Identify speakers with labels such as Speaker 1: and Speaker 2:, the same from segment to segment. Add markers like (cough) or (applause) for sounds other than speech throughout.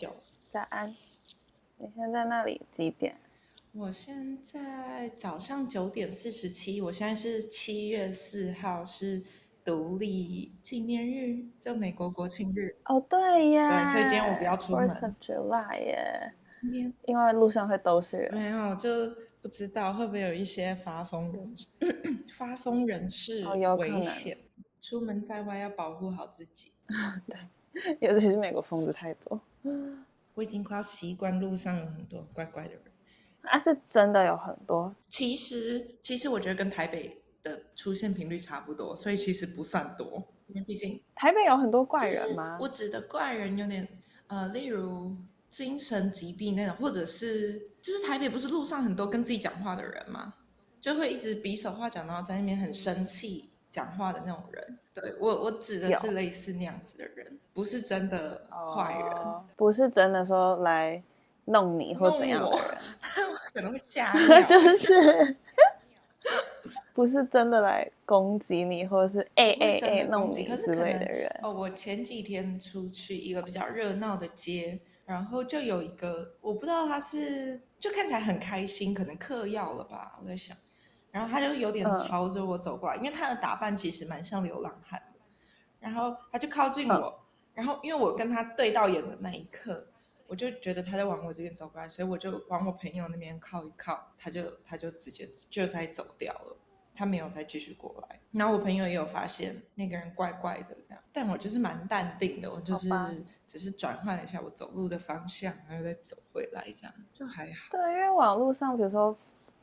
Speaker 1: 九，早安。你現在，在哪裡幾點？我現在早上九點四十七。
Speaker 2: 我現在是七月四號，是獨立紀念日，就美國國慶日。
Speaker 1: 哦、oh,，對呀。所以今天我不要出門。
Speaker 2: 因為路上會都是人，是人沒有，就不知道會不會有一些發瘋人， (coughs) 發瘋人士，好有危險。Oh, 出門在外要保護好自己。 (laughs)
Speaker 1: 對，有 (laughs) 尤其是美國瘋子太多。嗯，我已
Speaker 2: 經快要習慣路上有很多怪怪的人，
Speaker 1: 啊，是真的有很多。
Speaker 2: 其實，其實我覺得跟台北的出現頻率差不多，所以其實不算多。因
Speaker 1: 為畢竟、就是、台北有很
Speaker 2: 多怪人嗎？我指的怪人有點，呃，例如精神疾病那種，或者是就是台北不是路上很多跟自己講話的人嗎？就會一直比手畫腳，然後在那邊很生氣。講話的那種人，對，我，我指的是類似那樣子的人，
Speaker 1: 有不是真的壞人，哦，不是真的說來弄你或怎樣的人，
Speaker 2: 可能會嚇，就是
Speaker 1: 鳥不是真的來攻擊你，或者是哎哎、欸欸，弄你，可之類的人可可。哦，我
Speaker 2: 前幾天出去一個比較熱鬧的街，然後就有一個，我不知道他是，就看起來很開心，可能嗑藥了吧，我在想。然後他就有點朝着我走過來，呃、因為他的打扮其實蠻像流浪漢的。然後他就靠近我，呃、然後因為我跟他對到眼的那一刻，我就覺得他在往我這邊走過來，所以我就往我朋友那邊靠一靠，他就他就直接就在走掉了，他沒有再繼續過來。然後我朋友也有發現那個人怪怪的這樣，但我就是蠻淡定的，我就是吧只是轉換了一下我走路的方向，然後再走回來這樣就還好。
Speaker 1: 對，因為網絡上比如說。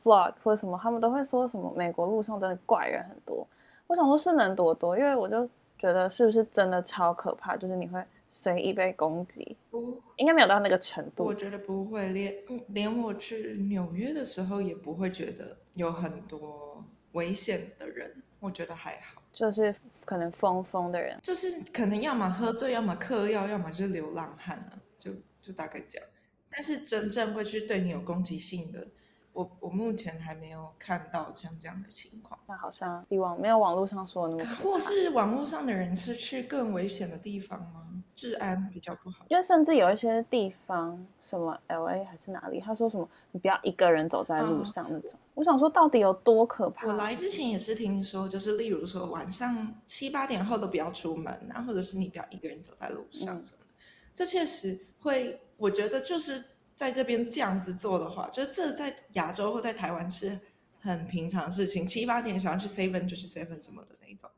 Speaker 1: Vlog 或者什麼，他們都會說什麼美國路上真的怪人很多。我想說，是能多多，因為我就覺得是不是真的超可怕，就是你會隨意被攻擊。不應該沒有到那個程度。我覺得不會連，
Speaker 2: 連連我去紐約的時候也不會覺得有很多危險的人。我覺得還好，就是可能瘋瘋的人，就是可能要麼喝醉，要麼嗑藥，要麼是流浪漢啊，就就大概這樣。但是真正會去對你有攻擊性的我我目前還沒有看到像這樣的情況，那好像
Speaker 1: 以往沒有網絡上說的那麼可怕，或是網絡上的人是去更危險
Speaker 2: 的地方嗎？治安比較不好，
Speaker 1: 因為甚至有一些地方，什麼 LA 還是哪裡，他說什麼你不要一個人走在路上那種。哦、我想說到底有多可怕？我來
Speaker 2: 之前也是聽說，就是例如說晚上七八點後都不要出門啊，或者是你不要一個人走在路上什麼的，嗯、這確實會，我覺得就是。在這邊這樣子做的話，就這在亞洲或在台灣是很平常的事情，七八點想要去 seven 就去 seven 什麼的那一種。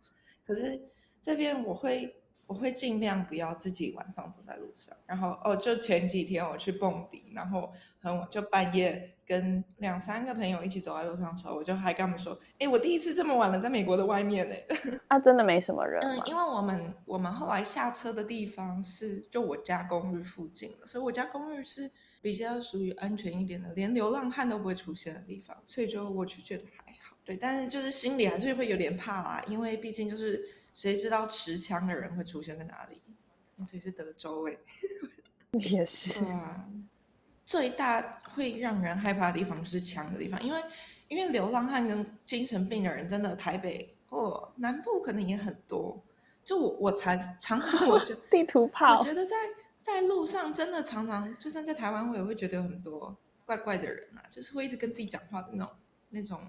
Speaker 2: 可是這邊我會我會盡量不要自己晚上走在路上。然後哦，就前幾天我去蹦迪，然後很晚就半夜跟兩三個朋友一起走在路上的時候，我就還跟他們說：“哎、欸，我第一次這麼晚了，在美國的外面嘞、欸。”
Speaker 1: 啊，真的沒什麼人。嗯，因
Speaker 2: 為我們我們後來下車的地方是就我家公寓附近的，所以我家公寓是。比較屬於安全一點的，連流浪漢都不會出現的地方，所以就我就覺得還好，對。但是就是心裡還是會有點怕啊，因為畢竟就是誰知道持槍的人會出現在哪裡？這是德州誒、欸，也是、嗯。最大會讓人害怕的地方就是槍的地方，因為因為流浪漢跟精神病的人真的台北或、哦、南部可能也很多。就我我才常看，我就地圖炮，我覺得在。在路上真的常常，就算在台灣，我也會覺得有很多怪怪的人啊，就是會一直跟自己講話的那種那種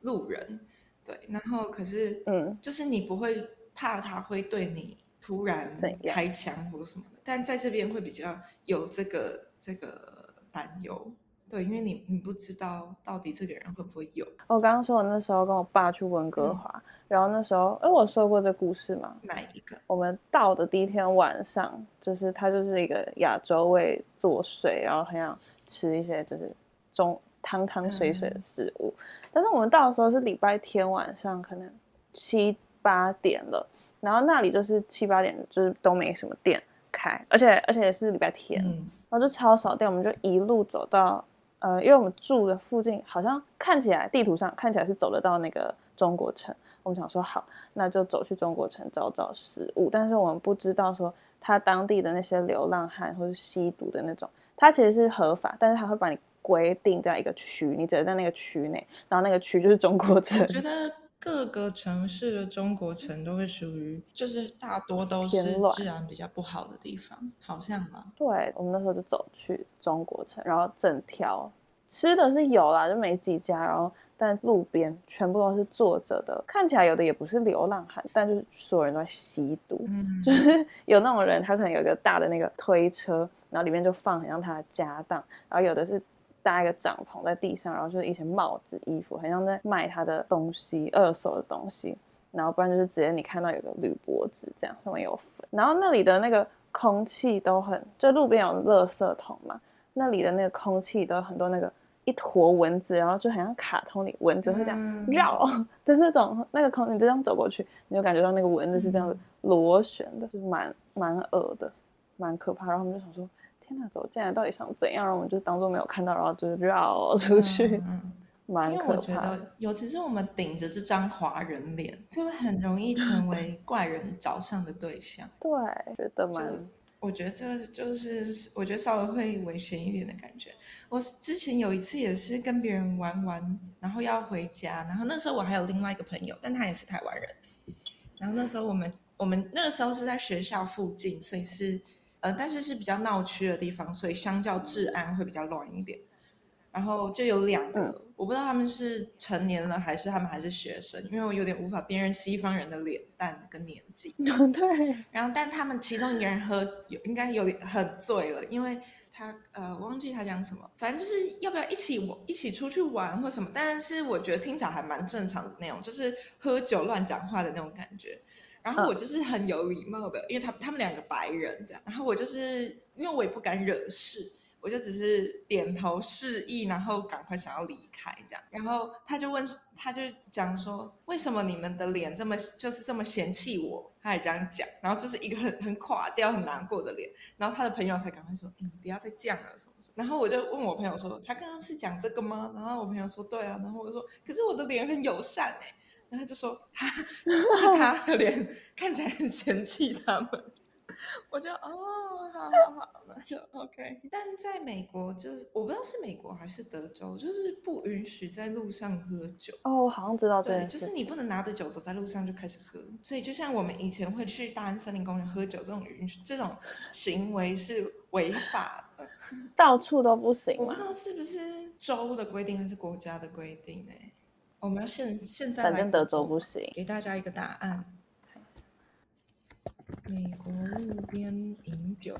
Speaker 2: 路人，對。然後可是，嗯，就是你不會怕他會對你突然開槍或什麼的，嗯、但在這邊會比較有這個這個擔憂。對，因為你你不知
Speaker 1: 道到底這個人會不會有。我剛剛說我那時候跟我爸去溫哥華，嗯、然後那時候，哎，我說過這故事嗎？哪一個？我們到的第一天晚上，就是他就是一個亞洲胃作祟，然後很想吃一些就是中湯湯水水的食物。嗯、但是我們到的時候是禮拜天晚上，可能七八點了，然後那裡就是七八點就是都沒什麼店開，而且而且也是禮拜天，嗯、然後就超少店，我們就一路走到。呃，因為我們住的附近，好像看起來地圖上看起來是走得到那個中國城。我們想說好，那就走去中國城找找食物。但是我們不知道說他當地的那些流浪漢或是吸毒的那種，他其實是合法，但是他會把你規定在一個區，你只能在那個區內，然後那個區就是中國城。
Speaker 2: 各個城市的中國城都會屬於，就是大多都是治安比較不好的地方，
Speaker 1: 好像嗎？對，我們那時候就走去中國城，然後整條吃的是有啦，就沒幾家，然後但路邊全部都是坐着的，看起來有的也不是流浪漢，但就是所有人都在吸毒，嗯、就是有那種人，他可能有一個大的那個推車，然後裡面就放很像他的家當，然後有的是。搭一個帳篷在地上，然後就是一些帽子、衣服，很像在賣他的東西，二手的東西。然後不然就是直接你看到有個鋁箔紙，這樣上面有粉。然後那裡的那個空氣都很，就路邊有垃圾桶嘛，那裡的那個空氣都有很多那個一坨蚊子，然後就很像卡通裡蚊子會這樣繞的那種，那個空，你就這樣走過去，你就感覺到那個蚊子是這樣子螺旋的，就蠻蠻噁的，蠻可怕。然後我們就想說。天哪，走進來到底想怎樣？然後我們就當做沒有看到，然後就繞出去。嗯，嗯，蠻可怕。因為我覺得，
Speaker 2: 尤其是我們頂着這張華人臉，就很容易成為怪人找上的對象。
Speaker 1: (laughs) 對，覺得蠻……
Speaker 2: 我覺得這就是我覺得稍微會危險一點的感覺。我之前有一次也是跟別人玩完，然後要回家，然後那時候我還有另外一個朋友，但他也是台灣人。然後那時候我們我們那個時候是在學校附近，所以是。呃，但是是比較鬧區的地方，所以相較治安會比較亂一點。然後就有兩個，嗯、我不知道他們是成年了還是他們還是學生，因為我有點無法辨認西方人的臉蛋跟年紀。
Speaker 1: 對。然後，但他們
Speaker 2: 其中一個人喝，有應該有點很醉了，因為他呃我忘記他講什麼，反正就是要不要一起一起出去玩或什麼，但是我覺得聽起來還蠻正常的那種，就是喝酒亂講話的那種感覺。然後我就是很有禮貌的，因為他他們兩個白人這樣，然後我就是因為我也不敢惹事，我就只是點頭示意，然後趕快想要離開這樣。然後他就問，他就講說，為什麼你們的臉這麼就是這麼嫌棄我？他也這樣講，然後就是一個很很垮掉，很難過的臉。然後他的朋友才趕快說，嗯，不要再這樣了什麼什麼。然後我就問我朋友說，他剛剛是講這個嗎？然後我朋友說，對啊。然後我說，可是我的臉很友善欸。然後就說他是他的臉看起來很嫌棄他們，我就哦，好，好，好，那就 OK。Okay，但在美國，就是我不知道是美國還是德州，就是不允許在路上喝酒。哦，我好像知道。對，就是你不能拿着酒走在路上就開始喝。所以就像我們以前會去大安森林公園喝酒這種允許，這種行為是違法的，
Speaker 1: 到處都不行。我不知道是不是
Speaker 2: 州的規定還是國家的規定呢？我們現現在來德州不行，給大家一個答案。美國路邊飲酒，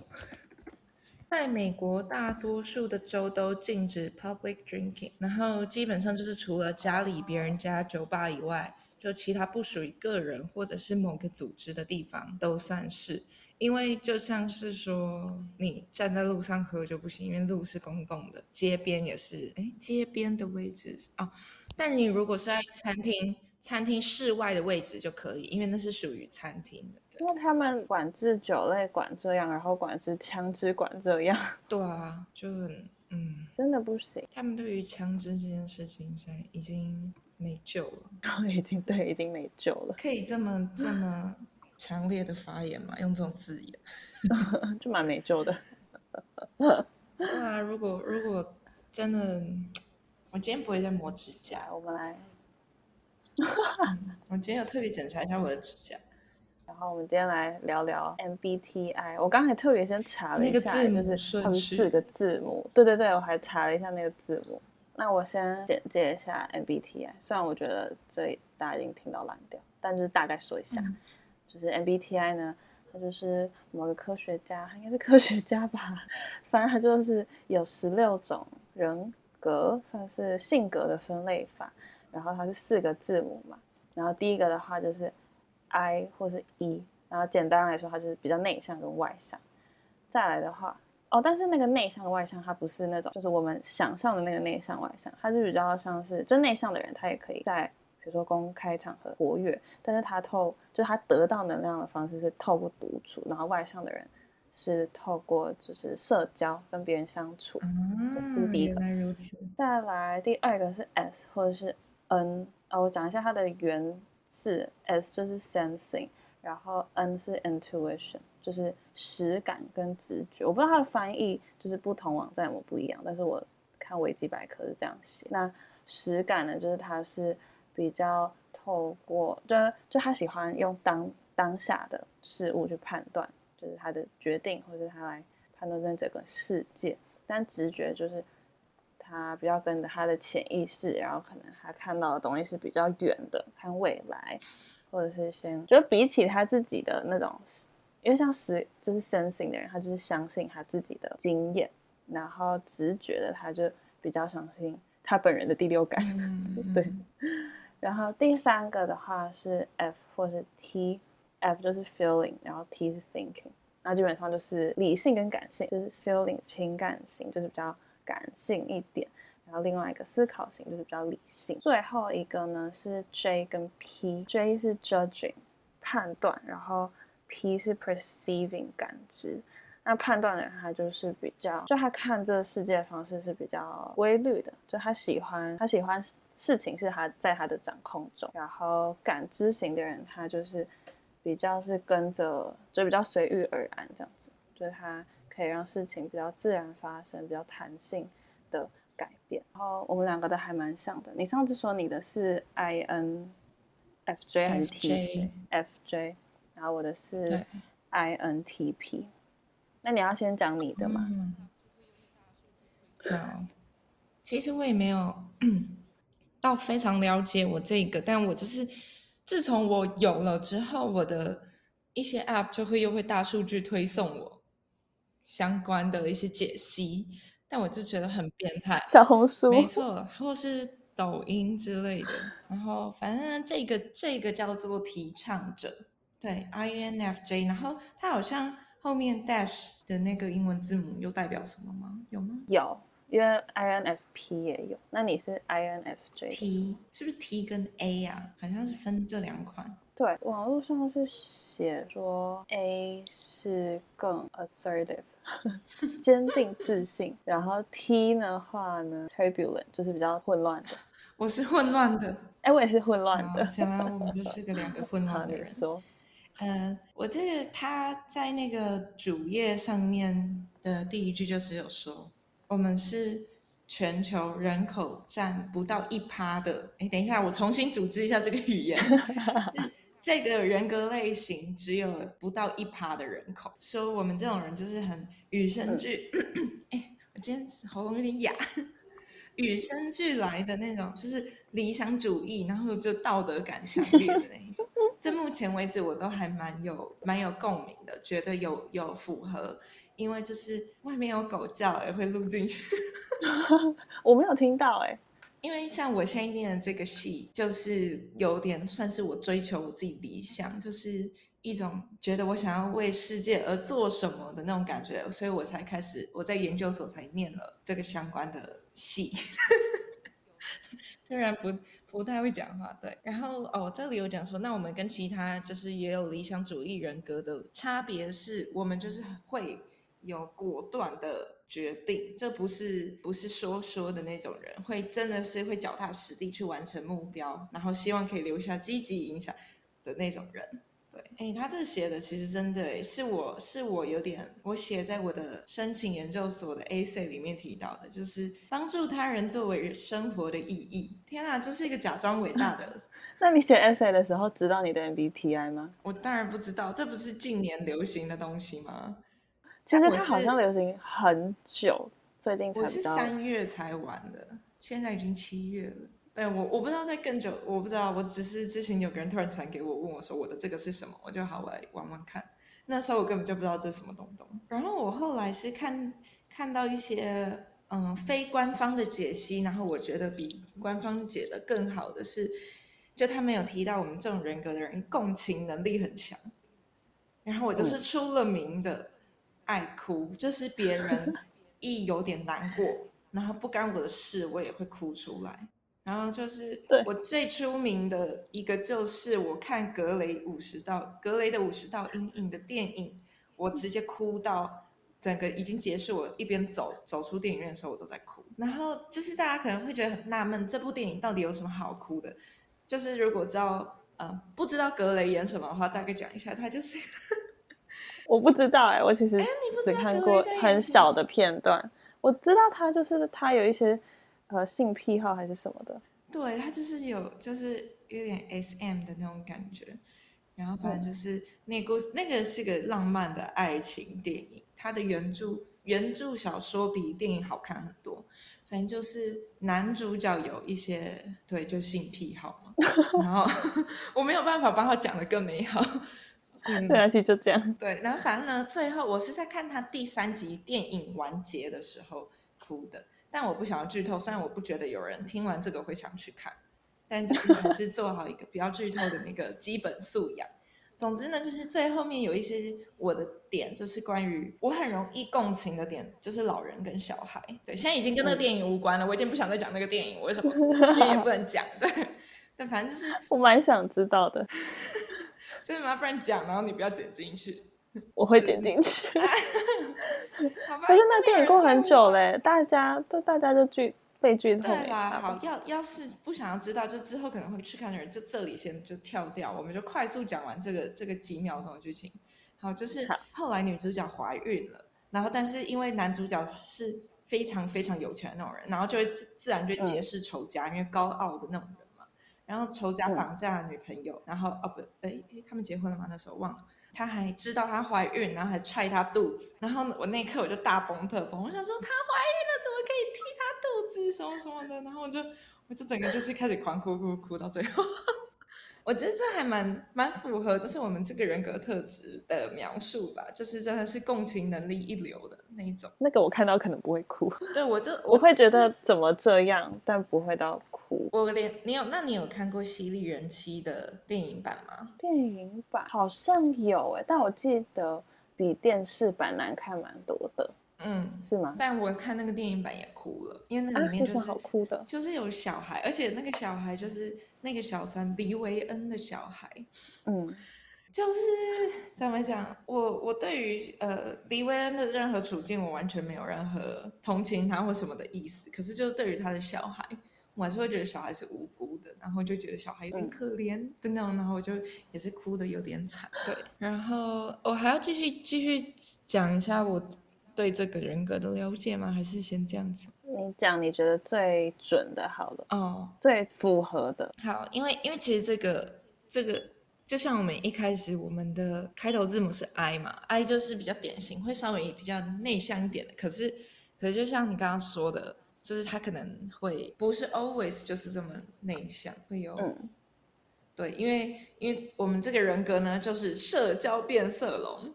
Speaker 2: 在美國大多數的州都禁止 public drinking，然後基本上就是除了家裡、別人家、酒吧以外，就其他不屬於個人或者是某個組織的地方都算是。因為就像是說，你站在路上喝就不行，因為路是公共的，街邊也是。哎，街邊的位置。哦但你如果是在餐廳，餐廳室外的位置就可以，因為那是屬於餐廳的。
Speaker 1: 因為他們管制酒類，管這樣，然後管制槍支，管這樣。對啊，就很嗯，真
Speaker 2: 的不行。他們對於槍支這件事情，現在已經沒救了。已經對，已經沒救了。可以這麼這麼強烈的發言嘛？用這種字
Speaker 1: 眼， (laughs) 就蠻沒救的。
Speaker 2: 那、 (laughs) 啊、如果如果真的。我今天不會再磨指甲，我們來。 (laughs) 我今
Speaker 1: 天有特別檢查一下我的指甲，然後我們今天來聊聊 MBTI。我剛才特別先查了一下，個字就是他們四個字母，嗯、對對對，我還查了一下那個字母。那我先簡介一下 MBTI，雖然我覺得這大家已經聽到爛掉，但就是大概說一下，嗯、就是 MBTI 呢，它就是某個科學家，應該是科學家吧，反正他就是有十六種人格算是性格的分類法，然後它是四個字母嘛，然後第一個的話就是 I 或是 E，然後簡單來說，它就是比較內向跟外向。再來的話，哦，但是那個內向的外向，它不是那種就是我們想象的那個內向外向，它就比較像是，就內向的人他也可以在比如說公開場合活躍，但是他透，就他得到能量的方式是透過獨處，然後外向的人。是透過就是社交跟別人相處，啊、這是第一個。再來第二個是 S 或者是 N 啊、哦，我講一下它的原字。S 就是 Sensing，然後 N 是 Intuition，就是實感跟直覺。我不知道它的翻譯，就是不同網站有沒有不一樣，但是我看維基百科是這樣寫。那實感呢，就是它是比較透過，就就他喜歡用當當下的事物去判斷。就是他的決定，或者是他來判斷整個世界。但直覺就是他比較跟着他的潛意識，然後可能他看到的東西是比較遠的，看未來，或者是先，就比起他自己的那種，因為像是就是 sensing 的人，他就是相信他自己的經驗，然後直覺的他就比較相信他本人的第六感，mm hmm. 對。然後第三個的話是 F 或是 T。F 就是 feeling，然後 T 是 thinking，那基本上就是理性跟感性，就是 feeling 情感型就是比較感性一點，然後另外一個思考型就是比較理性。最後一個呢是 J 跟 P，J 是 judging 判斷，然後 P 是 perceiving 感知。那判斷的人他就是比較，就他看這個世界的方式是比較規律的，就他喜歡他喜歡事情是他在他的掌控中，然後感知型的人他就是。比較是跟着，就比較隨遇而安這樣子，就是它可以讓事情比較自然發生，比較彈性的改變。然後我們兩個都還蠻像的。你上次說你的是 I N F J 還是 T F J, F, j, F j，然後我的是 I N T P 對。那你要先講你的嘛、嗯嗯。
Speaker 2: 好。其實我也沒有，到非常了解我這個，但我只、就是。自從我有了之後，我的一些 App 就會又會大數據推送我相關的一些解析，但我就覺得很變態。小
Speaker 1: 紅書，沒錯，
Speaker 2: 或是抖音之類的， (laughs) 然後反正這個這個叫做提倡者，對，I N F J，然後它好像後面 dash 的那個英文字母又代表什麼嗎？有嗎？
Speaker 1: 有。因為 INFP 也有，那你是 INFJ？T 是不是 T 跟 A 啊？好像
Speaker 2: 是分這兩款。
Speaker 1: 對，網絡上是寫說 A 是更 assertive，堅定自信， (laughs) 然後 T 的話呢 (laughs) ，turbulent 就是比較混亂的。我是混亂的，哎、欸，我也是混亂的。看來、哦、我們就是個兩個混亂的人。 (laughs) 啊、說，嗯、uh, 這個，我記得他在那個
Speaker 2: 主頁上面的第一句就是有說。我們是全球人口占不到一趴的。哎，等一下，我重新組織一下這個語言。 (laughs) 這個人格類型只有不到一趴的人口。說我們這種人就是很與生俱……哎，我今天喉嚨有點啞。與生俱來的那種，就是理想主義，然後就道德感強烈的那種 (laughs) 就。這目前為止，我都還蠻有、蠻有共鳴的，覺得有、有符合。因為就是外面有狗叫也、欸，會錄進去，
Speaker 1: (laughs) (laughs) 我沒有聽到哎、
Speaker 2: 欸。因為像我現在念的這個戲，就是有點算是我追求我自己理想，就是一種覺得我想要為世界而做什麼的那種感覺，所以我才開始我在研究所才念了這個相關的戲。雖 (laughs) (laughs) 然不不太會講話，對。然後哦，我這裡有講說，那我們跟其他就是也有理想主義人格的差別是，我們就是會。有果斷的決定，這不是不是說說的那種人，會真的是會腳踏實地去完成目標，然後希望可以留下積極影響的那種人。對，哎，他這寫的其實真的是我是我有點我寫在我的申請研究所的 essay 裡面提到的，就是幫助他人作為生活的意義。天哪，這是一個假裝偉大的。
Speaker 1: (laughs) 那你寫 essay 的時候知道你的 MBTI 嗎？
Speaker 2: 我當然不知道，這不是近年流行的東西嗎？
Speaker 1: 其實它好像流行很久，是最近才知道，我是三
Speaker 2: 月才玩的，現在已經七月了。對我，我不知道在更久，我不知道，我只是之前有個人突然傳給我，問我說我的這個是什麼，我就好，我來玩玩看。那時候我根本就不知道這是什麼東東。然後我後來是看看到一些嗯、呃、非官方的解析，然後我覺得比官方解得更好的是，就他們有提到我們這種人格的人共情能力很強，然後我就是出了名的。嗯愛哭，就是別人一有點難過， (laughs) 然後不干我的事，我也會哭出來。然後就是對我最出名的一個，就是我看《格雷五十道》《格雷的五十道陰影》的電影，我直接哭到整個已經結束。我一邊走走出電影院的時候，我都在哭。然後就是大家可能會覺得很納悶，這部電影到底有什麼好哭的？就是如果知道，嗯、呃，不知道格雷演什麼的話，大概講一下，他就是。 (laughs)
Speaker 1: 我不知道哎、欸，我其實只看過很小的片段。知，我知道他就是他有一些呃性癖好還是什麼的，
Speaker 2: 對他就是有就是有點 S M 的那種感覺。然後反正就是、嗯、那故、個、那個是個浪漫的愛情電影，它的原著原著小說比電影好看很多。反正就是男主角有一些對就性癖好嘛， (laughs) 然後我沒有辦法把它講得更美好。對，嗯、沒關係，就這樣。對，然後反正呢，最後我是在看他第三集電影完結的時候哭的，但我不想要劇透。雖然我不覺得有人聽完這個會想去看，但就是還是做好一個比較劇透的那個基本素養。 (laughs) 總之呢，就是最後面有一些我的點，就是關於我很容易共情的點，就是老人跟小孩。對，現在已經跟那個電影無關了，我已經不想再講那個電影。我為什麼？也不能講， (laughs) 對。但
Speaker 1: 反正就是，我蠻想知道的。
Speaker 2: 所以麻煩講，然後你不要剪進去，
Speaker 1: 我會剪進去。可是那電影過很久嘞， (laughs) 大家都大家就劇被劇透了。對啦，好，
Speaker 2: 要要是不想要知道，就之後可能會去看的人，就這裡先就跳掉，我們就快速講完這個這個幾秒鐘的劇情。好，就是後來女主角懷孕了，然後但是因為男主角是非常非常有錢的那種人，然後就會自自然就結識仇家，嗯、因為高傲的那種人。然後仇家綁架了女朋友，嗯、然後哦、啊、不，誒、欸，哎、欸，他們結婚了嗎？那時候忘了，他還知道她懷孕，然後還踹她肚子，然後呢，我那一刻我就大崩特崩，我想說她懷孕了怎麼可以踢她肚子什麼什麼的，然後我就我就整個就是開始狂哭哭哭，哭到最後。 (laughs) 我覺得這還蠻蠻符合，就是我們這個人格特質的描述吧，就是真的是共情能力一流的那一種。
Speaker 1: 那個我看到可能不會哭， (laughs) 對
Speaker 2: 我就,我,就我會覺得
Speaker 1: 怎麼這樣，但不會到哭。
Speaker 2: 我連你有，那你有看過《犀利人妻》的電影版嗎？
Speaker 1: 電影版好像有誒、欸，但我記得比電視版難看蠻多的。嗯，是嗎？
Speaker 2: 但我看那個電影版也哭了，因為那裡面就是、啊、好哭的，就是有小孩，而且那個小孩就是那個小三，黎維恩的小孩。嗯，就是怎麼講，我我對於呃黎維恩的任何處境，我完全沒有任何同情他或什麼的意思。可是就是對於他的小孩，我還是會覺得小孩是無辜的，然後就覺得小孩有點可憐的那種，然後我就也是哭的有點慘。對，然後我還要繼續繼續講一下我，對這個人格的了解嗎？還是先這樣子？
Speaker 1: 你講你覺得最準的，好了哦，oh, 最符合的。好，因為因為其實這個
Speaker 2: 這個，就像我們一開始我們的開頭字母是 I 嘛，I 就是比較典型，會稍微比較內向一點的。可是可是，就像你剛剛說的，就是他可能會不是 always 就是這麼內向，會有、嗯、對，因為因為我們這個人格呢，就是社交變色龍，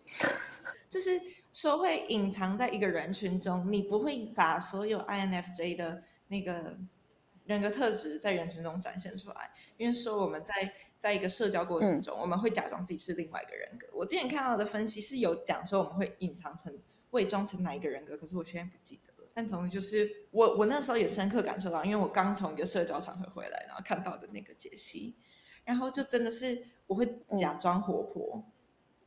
Speaker 2: 就是。說會隱藏在一個人群中，你不會把所有 INFJ 的那個人格特質在人群中展現出來，因為說我們在在一個社交過程中，我們會假裝自己是另外一個人格。嗯、我之前看到的分析是有講說我們會隱藏成、偽裝成哪一個人格，可是我現在不記得了。但總之就是我，我我那時候也深刻感受到，因為我剛從一個社交場合回來，然後看到的那個解析，然後就真的是我會假裝活潑。嗯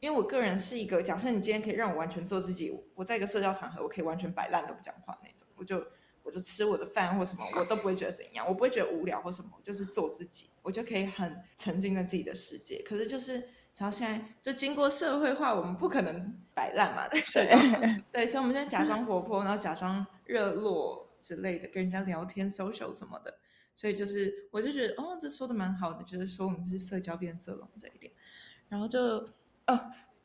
Speaker 2: 因為我個人是一個，假設你今天可以讓我完全做自己，我在一個社交場合，我可以完全擺爛都不講話那種，我就我就吃我的飯或什麼，我都不會覺得怎樣，我不會覺得無聊或什麼，我就是做自己，我就可以很沉浸在自己的世界。可是就是然後現在，就經過社會化，我們不可能擺爛嘛，在社交場。 (laughs) 對，所以我們現在假裝活潑， (laughs) 然後假裝熱絡之類的，跟人家聊天、social 什麼的。所以就是，我就覺得哦，這說的蠻好的，就是說我們是社交變色龍這一點，然後就。哦，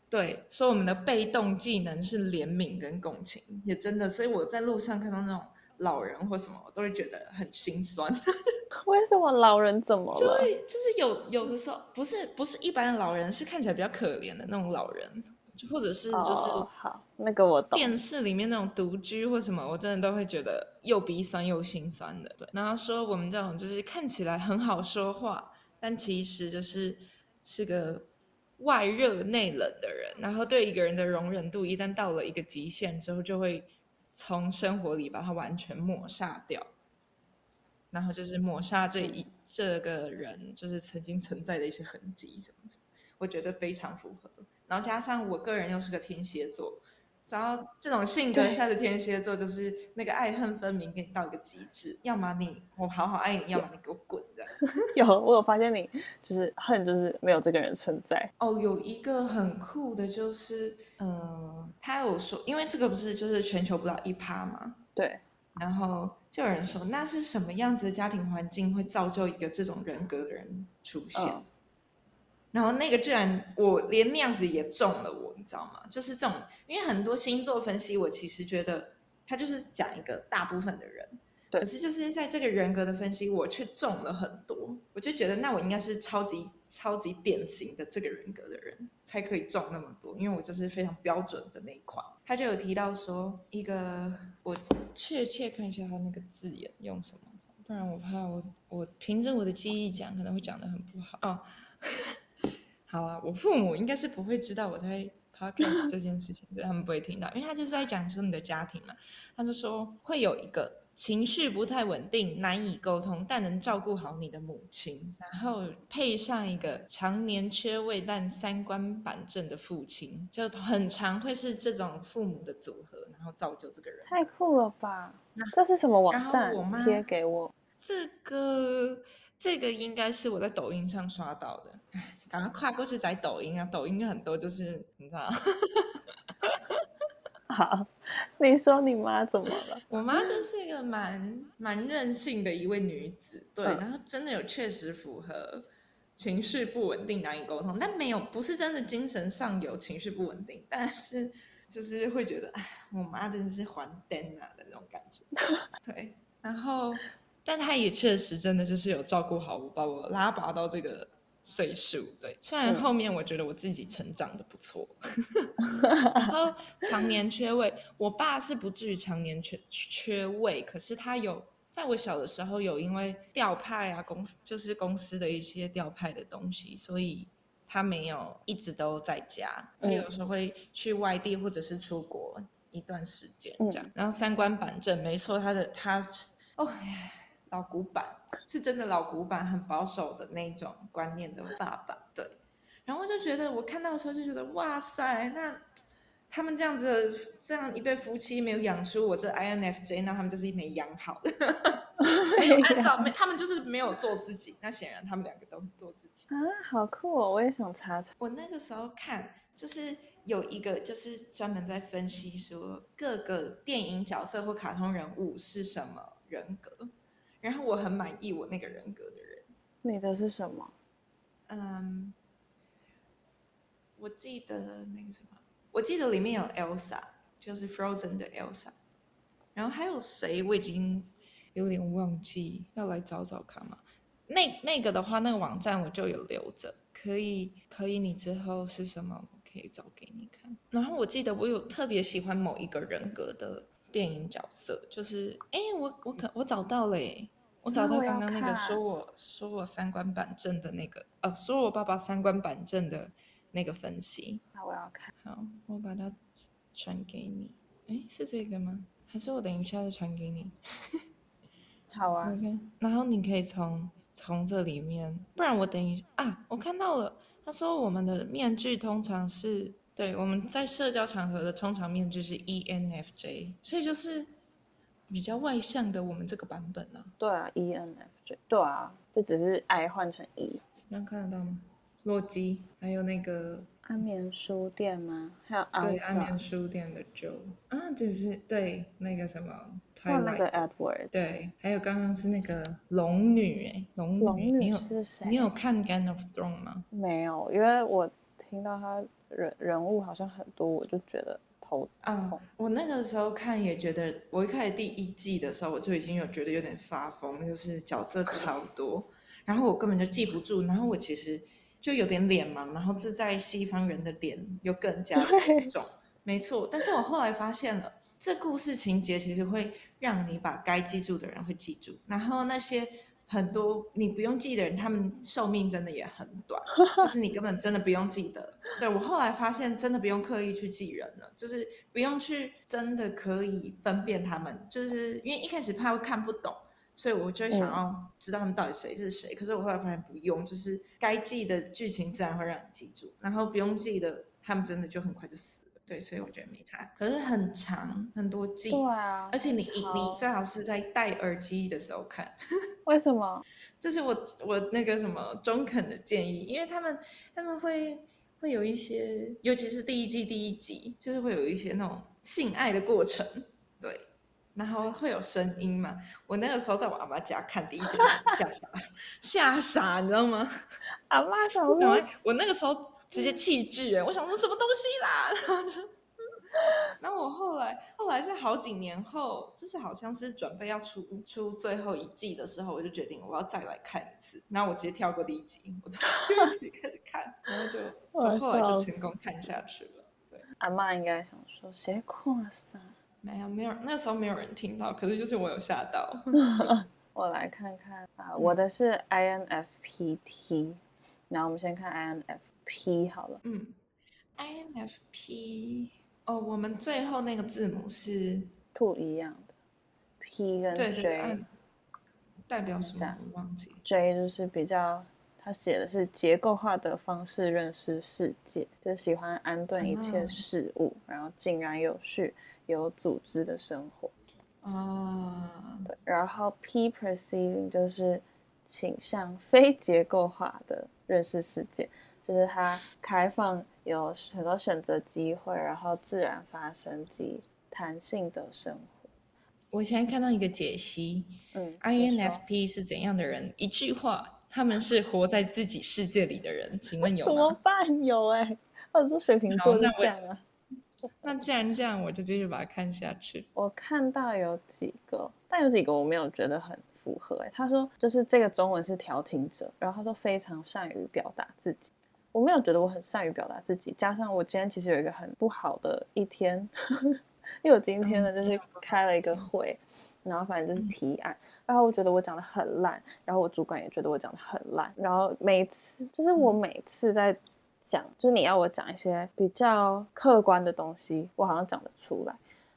Speaker 2: 對，所以我們的被動技能是憐憫跟共情，也真的，所以我在路上看到那種老人或什麼，我都會覺得很心酸。
Speaker 1: (laughs) 為什麼老人怎麼了？就是
Speaker 2: 就是有有的時候，不是不是一般的老人，是看起來比較可憐的那種老人，就或者是就是、Oh, 好那個我懂，電視裡面那種獨居或什麼，我真的都會覺得又鼻酸又心酸的。對，然後說我們這種就是看起來很好說話，但其實就是，是個。外熱內冷的人，然後對一個人的容忍度一旦到了一個極限之後，就會從生活裡把他完全抹殺掉，然後就是抹殺這一這個人就是曾經存在的一些痕跡，什麼什麼，我覺得非常符合。然後加上我個人又是個天蠍座。然後這種性格下的天蠍座，就是那個愛恨分明，給你到一個極致，
Speaker 1: 對要麼你我好好愛你，要麼你給我滾這樣。有，我有發現你就是恨，就是沒有這個人存在。
Speaker 2: 哦，有一個很酷的，就是嗯、呃，他有說，因為這個不是就是全球不到一趴嘛，對。然後就有人說，那是什麼樣子的家庭環境會造就一個這種人格的人出現？哦然後那個居然我連那樣子也中了我，我，你知道嗎？就是這種，因為很多星座分析，我其實覺得他就是講一個大部分的人，對可是就是在這個人格的分析，我卻中了很多，我就覺得那我應該是超級超級典型的這個人格的人才可以中那麼多，因為我就是非常標準的那一款。他就有提到說一個我，我確切看一下他那個字眼用什麼，不然我怕我我憑着我的記憶講可能會講得很不好。哦。好啊，我父母應該是不會知道我在 podcast 這件事情，他們不會聽到，因為他就是在講說你的家庭嘛。他就說會有一個情緒不太穩定、難以溝通，但能照顧好你的母親，然後配上一個常年缺位但三觀板正的父親，就很常會是這種父母的組合，然後造就這個人。
Speaker 1: 太酷了吧！那這是什麼網站？然後我媽貼給我
Speaker 2: 這個。這個應該是我在抖音上刷到的，趕快跨過去在抖音啊，抖音有很多就是你知道， (laughs) 好，
Speaker 1: 你說你媽怎麼了？我媽就是一個蠻，蠻
Speaker 2: 任性的一位女子，對，哦、然後真的有確實符合情緒不穩定、難以溝通，但沒有不是真的精神上有情緒不穩定，但是就是會覺得，哎，我媽真的是還癲啊的那種感覺，對， (laughs) 然後。但他也確實真的就是有照顧好我，把我拉拔到這個歲數，對。雖然後面我覺得我自己成長得不錯，嗯、 (laughs) 然後常年缺位， (laughs) 我爸是不至於常年缺缺位，可是他有在我小的時候有因為調派啊，公司就是公司的一些調派的東西，所以他沒有一直都在家，也有時候會去外地或者是出國一段時間這樣。嗯、然後三觀板正，沒錯，他的他、哦老古板是真的老古板，很保守的那種觀念的爸爸。對，然後就覺得我看到的時候就覺得哇塞，那他們這樣子的這樣一對夫妻沒有養出我這 INFJ，那他們就是沒有養好的， (laughs) 沒有按照 (laughs) 沒按照， (laughs) 他們就是沒有做自己。那顯然他們兩個都做自己啊，好酷哦！我也想查查。我那個時候看就是有一個就是專門在分析說各個電影角色或卡通人物是什麼人格。然後我很滿意我那個人格的人，
Speaker 1: 你的是什麼？
Speaker 2: 嗯，um, 我記得那個什麼，我記得裡面有 Elsa，就是 Frozen 的 Elsa，然後還有誰？我已經有點忘記，要來找找看嘛。那那個的話，那個網站我就有留着，可以可以，你之後是什麼？我可以找給你看。然後我記得我有特別喜歡某一個人格的。電影角色就是，哎，我我可我找到嘞、欸，我找到剛剛那個說我，我、啊、說我三觀板正的那個，哦，說我爸爸三觀板正的那個分析，那我要看好，我把它傳給你，哎，是這個嗎？還是我等一下就傳給你？ (laughs) 好啊、OK。然後你可以從從這裡面，不然我等一下啊，我看到了，他說我們的面具通常是。對，我們在社交場合的通常面具是 ENFJ，所以就是比較外向的我們這個版本
Speaker 1: 啊。對啊，ENFJ，對啊，就只是 I 換成
Speaker 2: E。能看得到嗎？洛基，還有那個安眠書店嗎？還有安安眠書店的 Joe 啊，就是對那個什麼，還有那個
Speaker 1: Edward，對，還
Speaker 2: 有剛剛是那個龍女哎、欸，龍女，龍女是誰？你有你有看 Game of Thrones 嗎？
Speaker 1: 沒有，因為我聽到他。人人物好像很多，我就覺得頭、
Speaker 2: uh, 痛。我那個時候看也覺得，我一開始第一季的時候，我就已經有覺得有點發瘋，就是角色超多，Okay. 然後我根本就記不住，然後我其實就有點臉盲，然後這在西方人的臉又更加嚴重。 (laughs) 沒錯，但是我後來發現了，這故事情節其實會讓你把該記住的人會記住，然後那些。很多你不用記的人，他們壽命真的也很短， (laughs) 就是你根本真的不用記得。對，我後來發現，真的不用刻意去記人了，就是不用去真的可以分辨他們，就是因為一開始怕會看不懂，所以我就會想要知道他們到底誰是誰。嗯、可是我後來發現不用，就是該記的劇情自然會讓你記住，然後不用記的，他們真的就很快就死。對，所以我覺得沒差，可是很長，很多季。對啊哇，而且你吵你最好是在戴耳機的時候看，為什麼？這是我我那個什麼中肯的建議，因為他們他們會會有一些，尤其是第一季第一集，就是會有一些那種性愛的過程，對，然後會有聲音嘛。我那個時候在我阿媽家看第一集，嚇傻， (laughs) 嚇傻，你知道嗎？阿媽講我我那個時候。直接棄劇哎、啊， (laughs) 我想說什麼東西啦？ (laughs) 然後那我後來，後來是好幾年後，就是好像是準備要出出最後一季的時候，我就決定我要再來看一次。那我直接跳過第一集，我從第二集開
Speaker 1: 始看， (laughs) 然後就就後來就成功看下去了。對阿媽應該想說 (laughs) 誰困了、啊？三
Speaker 2: 沒有沒有，那個、時候沒有
Speaker 1: 人聽到，可是就是我有嚇到。 (laughs)
Speaker 2: (laughs) 我來看看啊，我的
Speaker 1: 是 INFPT、嗯、然後我們先看 INF。T P 好了，
Speaker 2: 嗯，INFP 哦，oh, 我們
Speaker 1: 最後那個字母是不一樣的，P 跟 J，這個、代表什麼樣，我忘記 J 就是比較，他寫的是結構化的方式認識世界，就喜歡安頓一切事物，嗯、然後井然有序、有組織的生活。啊、哦，對，然後 P perceiving 就是傾向非結構化的認識世界。就是他開放，有很多選擇機會，然後自然發生及彈性的生活。
Speaker 2: 我現在看到一個解析，嗯，INFP 是怎樣的人？一句話，他們是活在自己世界裡的人。請問有嗎？ (laughs) 怎麼
Speaker 1: 辦？有哎、欸，好多水瓶座是這樣啊那。那既然
Speaker 2: 這樣，我就繼續把它看下去。
Speaker 1: (laughs) 我看到有幾個，但有幾個我沒有覺得很符合、欸。哎，他說就是這個中文是調停者，然後他說非常善於表達自己。我沒有覺得我很善於表達自己，加上我今天其實有一個很不好的一天，呵呵，因為我今天呢就是開了一個會，然後反正就是提案，然後我覺得我講的很爛，然後我主管也覺得我講的很爛，然後每次就是我每次在講，就是你要我講一些比較客觀的東西，我好像講得出來，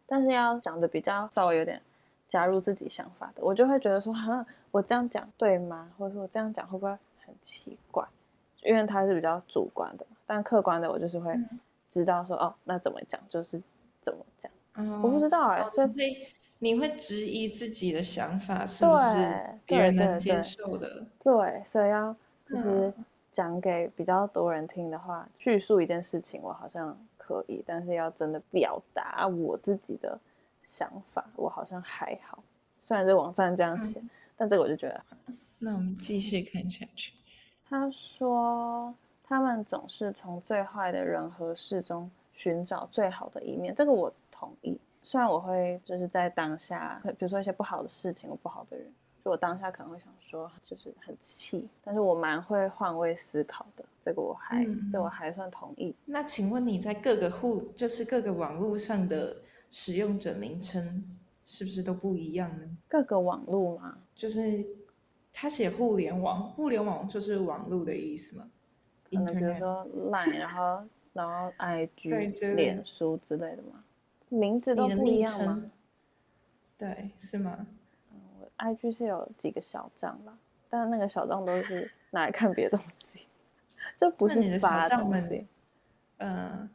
Speaker 1: 但是要講的比較稍微有點加入自己想法的，我就會覺得說，哼，我這樣講對嗎？或者說我這樣講會不會很奇怪？因為它是比較主觀的，但客觀的我就是會知道說、嗯、哦，那怎麼講就是怎麼講，哦、我不知道
Speaker 2: 啊、欸。哦、可以，所以你會質疑自己的想法是不是對別人能接受
Speaker 1: 的對對對？對，所以要就是講給比較多人聽的話，嗯、敘述一件事情我好像可以，但是要真的表達我自己的想法，我好像還好。雖然這網站這樣寫，嗯、但這個我就覺得。那我們繼續看下去。他說：“他們總是從最壞的人和事中尋找最好的一面，這個我同意。雖然我會就是在當下，比如說一些不好的事情或不好的人，就我當下可能會想說，就是很氣。但是我蠻會換位思考的，這個我還，嗯、這我還算同意。
Speaker 2: 那請問你在各個互，就是各個
Speaker 1: 網絡上
Speaker 2: 的使用者名稱，是不是都不一樣呢？各個網絡嘛，就是。”他寫互聯網，互聯網就是網路的意思嗎？
Speaker 1: 嗯，比如說 Line, Internet. 然，然後然後 IG、就臉書之類的嗎？名字都不一樣嗎？對，是嗎？IG 是有幾個小賬吧，但那個小賬都是拿來看別的東西， (laughs) 就不是你的小發東西。嗯、
Speaker 2: 呃。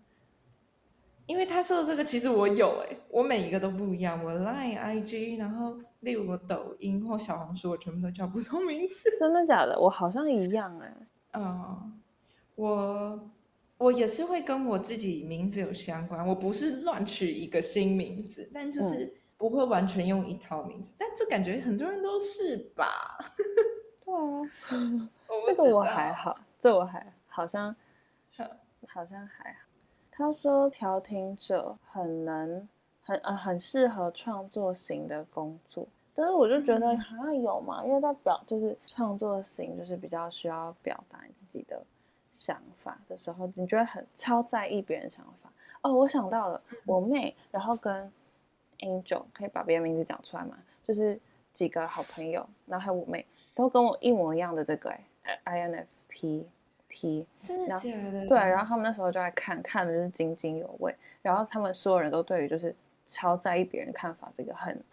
Speaker 2: 因為他說的這個其實我有哎、欸，我每一個都不一樣。我 Line、IG，然後例如我抖音或小紅書，我全
Speaker 1: 部都叫不同名字。真的假的？我好像一樣哎、欸。嗯、uh，
Speaker 2: 我我也是會跟我自己名字有
Speaker 1: 相關，我不是亂取
Speaker 2: 一個新名字，但就是不會完全用一套名字。嗯、但這感覺很多人都
Speaker 1: 是吧？ (laughs) 對啊 (laughs) 道這，這個我還好，這我還好像好像還好。他說調停者很能，很呃很適合創作型的工作，但是我就覺得好像有嘛，嗯、因為他表就是創作型就是比較需要表達自己的想法的時候，你覺得很超在意別人想法哦。我想到了、嗯、我妹，然後跟 Angel 可以把別人名字講出來嘛，就是幾個好朋友，然後還有我妹都跟我一模一樣的這個、欸、INFP。踢真的假的？對，然後他們那時候就愛看看的是津津有味，然後他們所有人都對於就是超在意別人看法這個很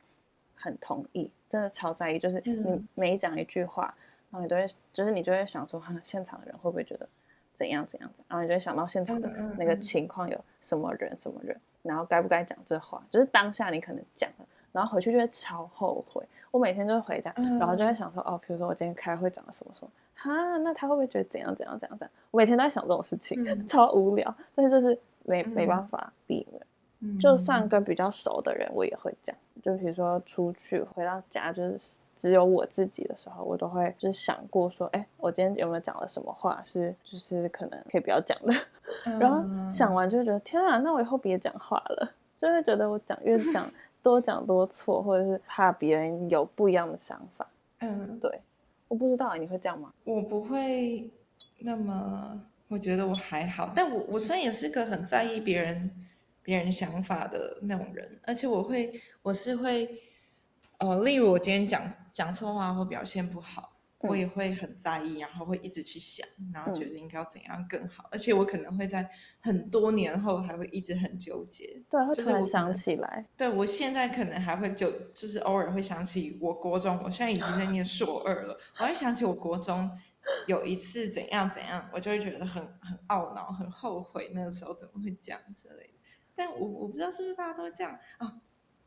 Speaker 1: 很同意，真的超在意，就是你每講一句話，嗯嗯然後你都會就是你就會想說現場的人會不會覺得怎樣怎樣怎樣，然後你就會想到現場的那個情況有什麼人嗯嗯嗯什麼人，然後該不該講這話，就是當下你可能講的。然後回去就會超後悔，我每天就會回家，嗯、然後就會想說，哦，比如說我今天開會講了什麼什麼，哈，那他會不會覺得怎樣怎樣怎樣怎樣？我每天都在想這種事情，嗯、超無聊，但是就是沒、嗯、沒辦法避免。嗯、就算跟比較熟的人，我也會講，就比如說出去回到家，就是只有我自己的時候，我都會就是想過說，哎，我今天有沒有講了什麼話是就是可能可以不要講的？嗯、然後想完就會覺得天啊，那我以後別講話了，就會覺得我講越講。嗯多講多錯，或者是怕別人有不一樣的想法。嗯，對，我不知道啊，你會這樣嗎？我不會那麼，
Speaker 2: 我覺得我還好。但我我雖然也是個很在意別人別人想法的那種人，而且我會，我是會，呃，例如我今天講講錯話或表現不好。我也會很在意，嗯、然後會一直去想，然後覺得應該要怎樣更好。嗯、而且我可能會在很多年後還會一直很糾結，對就是我想
Speaker 1: 起來。
Speaker 2: 對，我現在可能還會就就是偶爾會想起我國中，我現在已經在念碩二了，我會想起我國中有一次怎樣怎樣，我就會覺得很很懊惱、很後悔，那個時候怎麼會這樣之類的。但我我不知道是不是大家都會這樣、哦、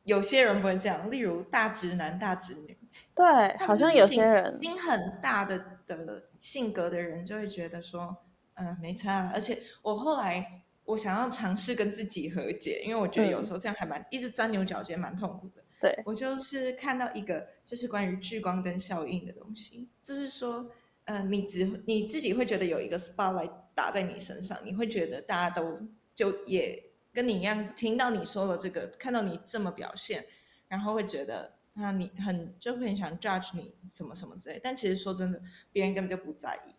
Speaker 2: 有些人不會這樣，例如大直男、大直女。
Speaker 1: 對，好像有些人心
Speaker 2: 很大的的性格的人，就會覺得說，嗯、呃，沒差。而且我後來我想要嘗試跟自己和解，因為我覺得有時候這樣還蠻、嗯、一直鑽牛角尖，蠻痛苦的。對，我就是看到一個就是關於聚光燈效應的東西，就是說，嗯、呃，你只你自己會覺得有一個 spotlight 打在你身上，你會覺得大家都就也跟你一樣，聽到你說了這個，看到你這麼表現，然後會覺得。那你很就很想 judge 你什麼什麼之類，但其實說真的，別人根本就不在意，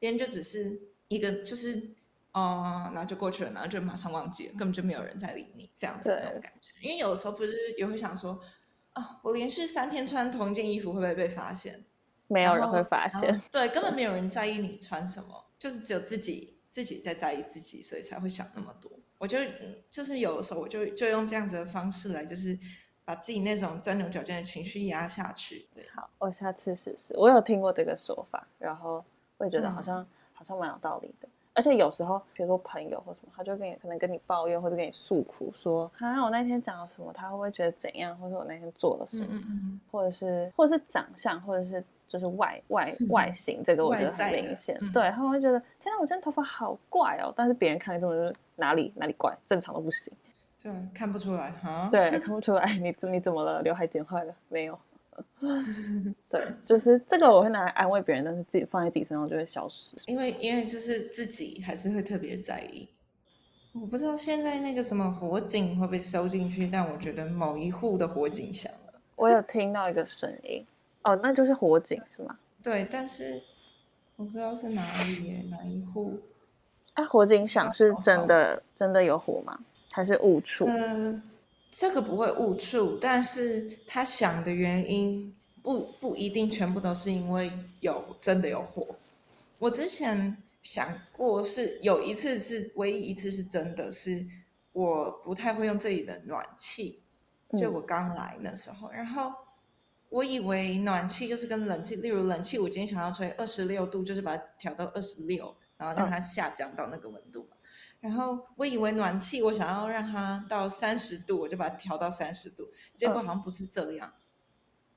Speaker 2: 別人就只是一個就是哦、呃，然後就過去了，然後就馬上忘記了，根本就沒有人在理你這樣子的對那種感覺。因為有的時候不是也會想說，啊、哦，我連續三天穿同一件衣服會不會被發現？
Speaker 1: 沒有人會發現，對，根本沒有
Speaker 2: 人在意你穿什麼，對就是只有自己自己在在意自己，所以才會想那麼多。我就就是有的時候我就就用這樣子的方式來就是。把自己那種鑽牛角尖的情緒壓下去，對。好，
Speaker 1: 我下次試試。我有聽過這個說法，然後我也覺得好像、嗯、好像蠻有道理的。而且有時候，比如說朋友或什麼，他就跟你可能跟你抱怨或者跟你訴苦說，說啊我那天講了什麼，他會不會覺得怎樣？或者我那天做了什麼，嗯嗯嗯或者是或者是長相，或者是就是外外外形，嗯、這個我覺得很明顯。嗯、對，他們會覺得，天吶、啊，我今天頭髮好怪哦，但是別人看的這種就是、哪裡哪裡怪，正常都不行。就看不出來哈，對，看不出來。你你怎麼了？劉海剪壞了
Speaker 2: 沒有？ (laughs)
Speaker 1: 對，就是這個，我會拿來安慰別人，但是自己放在自己身上就會消失。
Speaker 2: 因為，因為就是自己還是會特別在意。
Speaker 1: 我不知道現在那個什麼火警會不會收
Speaker 2: 進去，但我覺得某一戶的火警響
Speaker 1: 了。我有聽到一個聲音， (laughs) 哦，那就是火警是嗎？對，
Speaker 2: 但是我
Speaker 1: 不知道是哪裡，哪一戶。哎、啊，火警響是真的，哦、真的有火嗎？還是誤觸、呃？
Speaker 2: 這個不會誤觸，但是他想的原因不不一定全部都是因為有真的有火。我之前想過是有一次，是唯一一次是真的是，是我不太會用這裡的暖氣，就我剛來那時候，嗯、然後我以為暖氣就是跟冷氣，例如冷氣，我今天想要吹二十六度，就是把它調到二十六，然後讓它下降到那個溫度。嗯然後我以為暖氣，我想要讓它到三十度，我就把它調到三十度。結果好像不是這樣，嗯、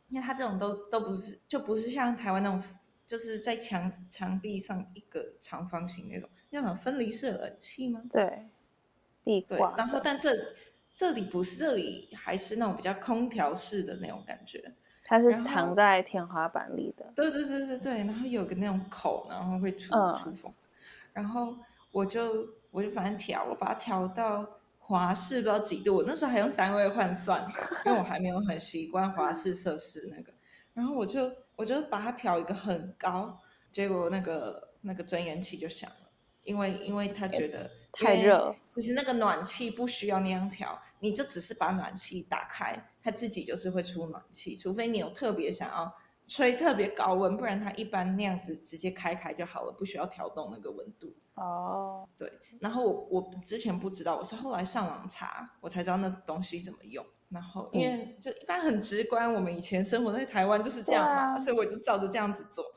Speaker 2: 因為它這種都都不是，就不是像台灣那種，就是在牆牆壁上一個長方形那種，那種分離式冷氣嗎？
Speaker 1: 對，壁掛
Speaker 2: 對。然後，但這這裡不是，這裡還是那種比較空調式的那種感覺。
Speaker 1: 它是藏在天花板裡的。
Speaker 2: 對對對對對，嗯、然後有個那種口，然後會出出風。嗯、然後我就。我就反正調，我把它調到華氏不知道幾度，我那時候還用單位換算，因為 (laughs) 我還沒有很習慣華氏攝氏那個。然後我就我就把它調一個很高，結果那個那個偵煙器就響了，因為因為他覺得、欸、太熱、欸。其實那個暖氣不需要那樣調，你就只是把暖氣打開，它自己就是會出暖氣。除非你有特別想要吹特別高溫，不然它一般那樣子直接開開就好了，不需要調動那個溫度。哦，oh. 對，然後我，我之前不知道，我是後來上網查，我才知道那東西怎麼用。然後因為就一般很直觀，我們以前生活在台灣就是這樣嘛，oh. 所以我就照着這樣子做。Oh.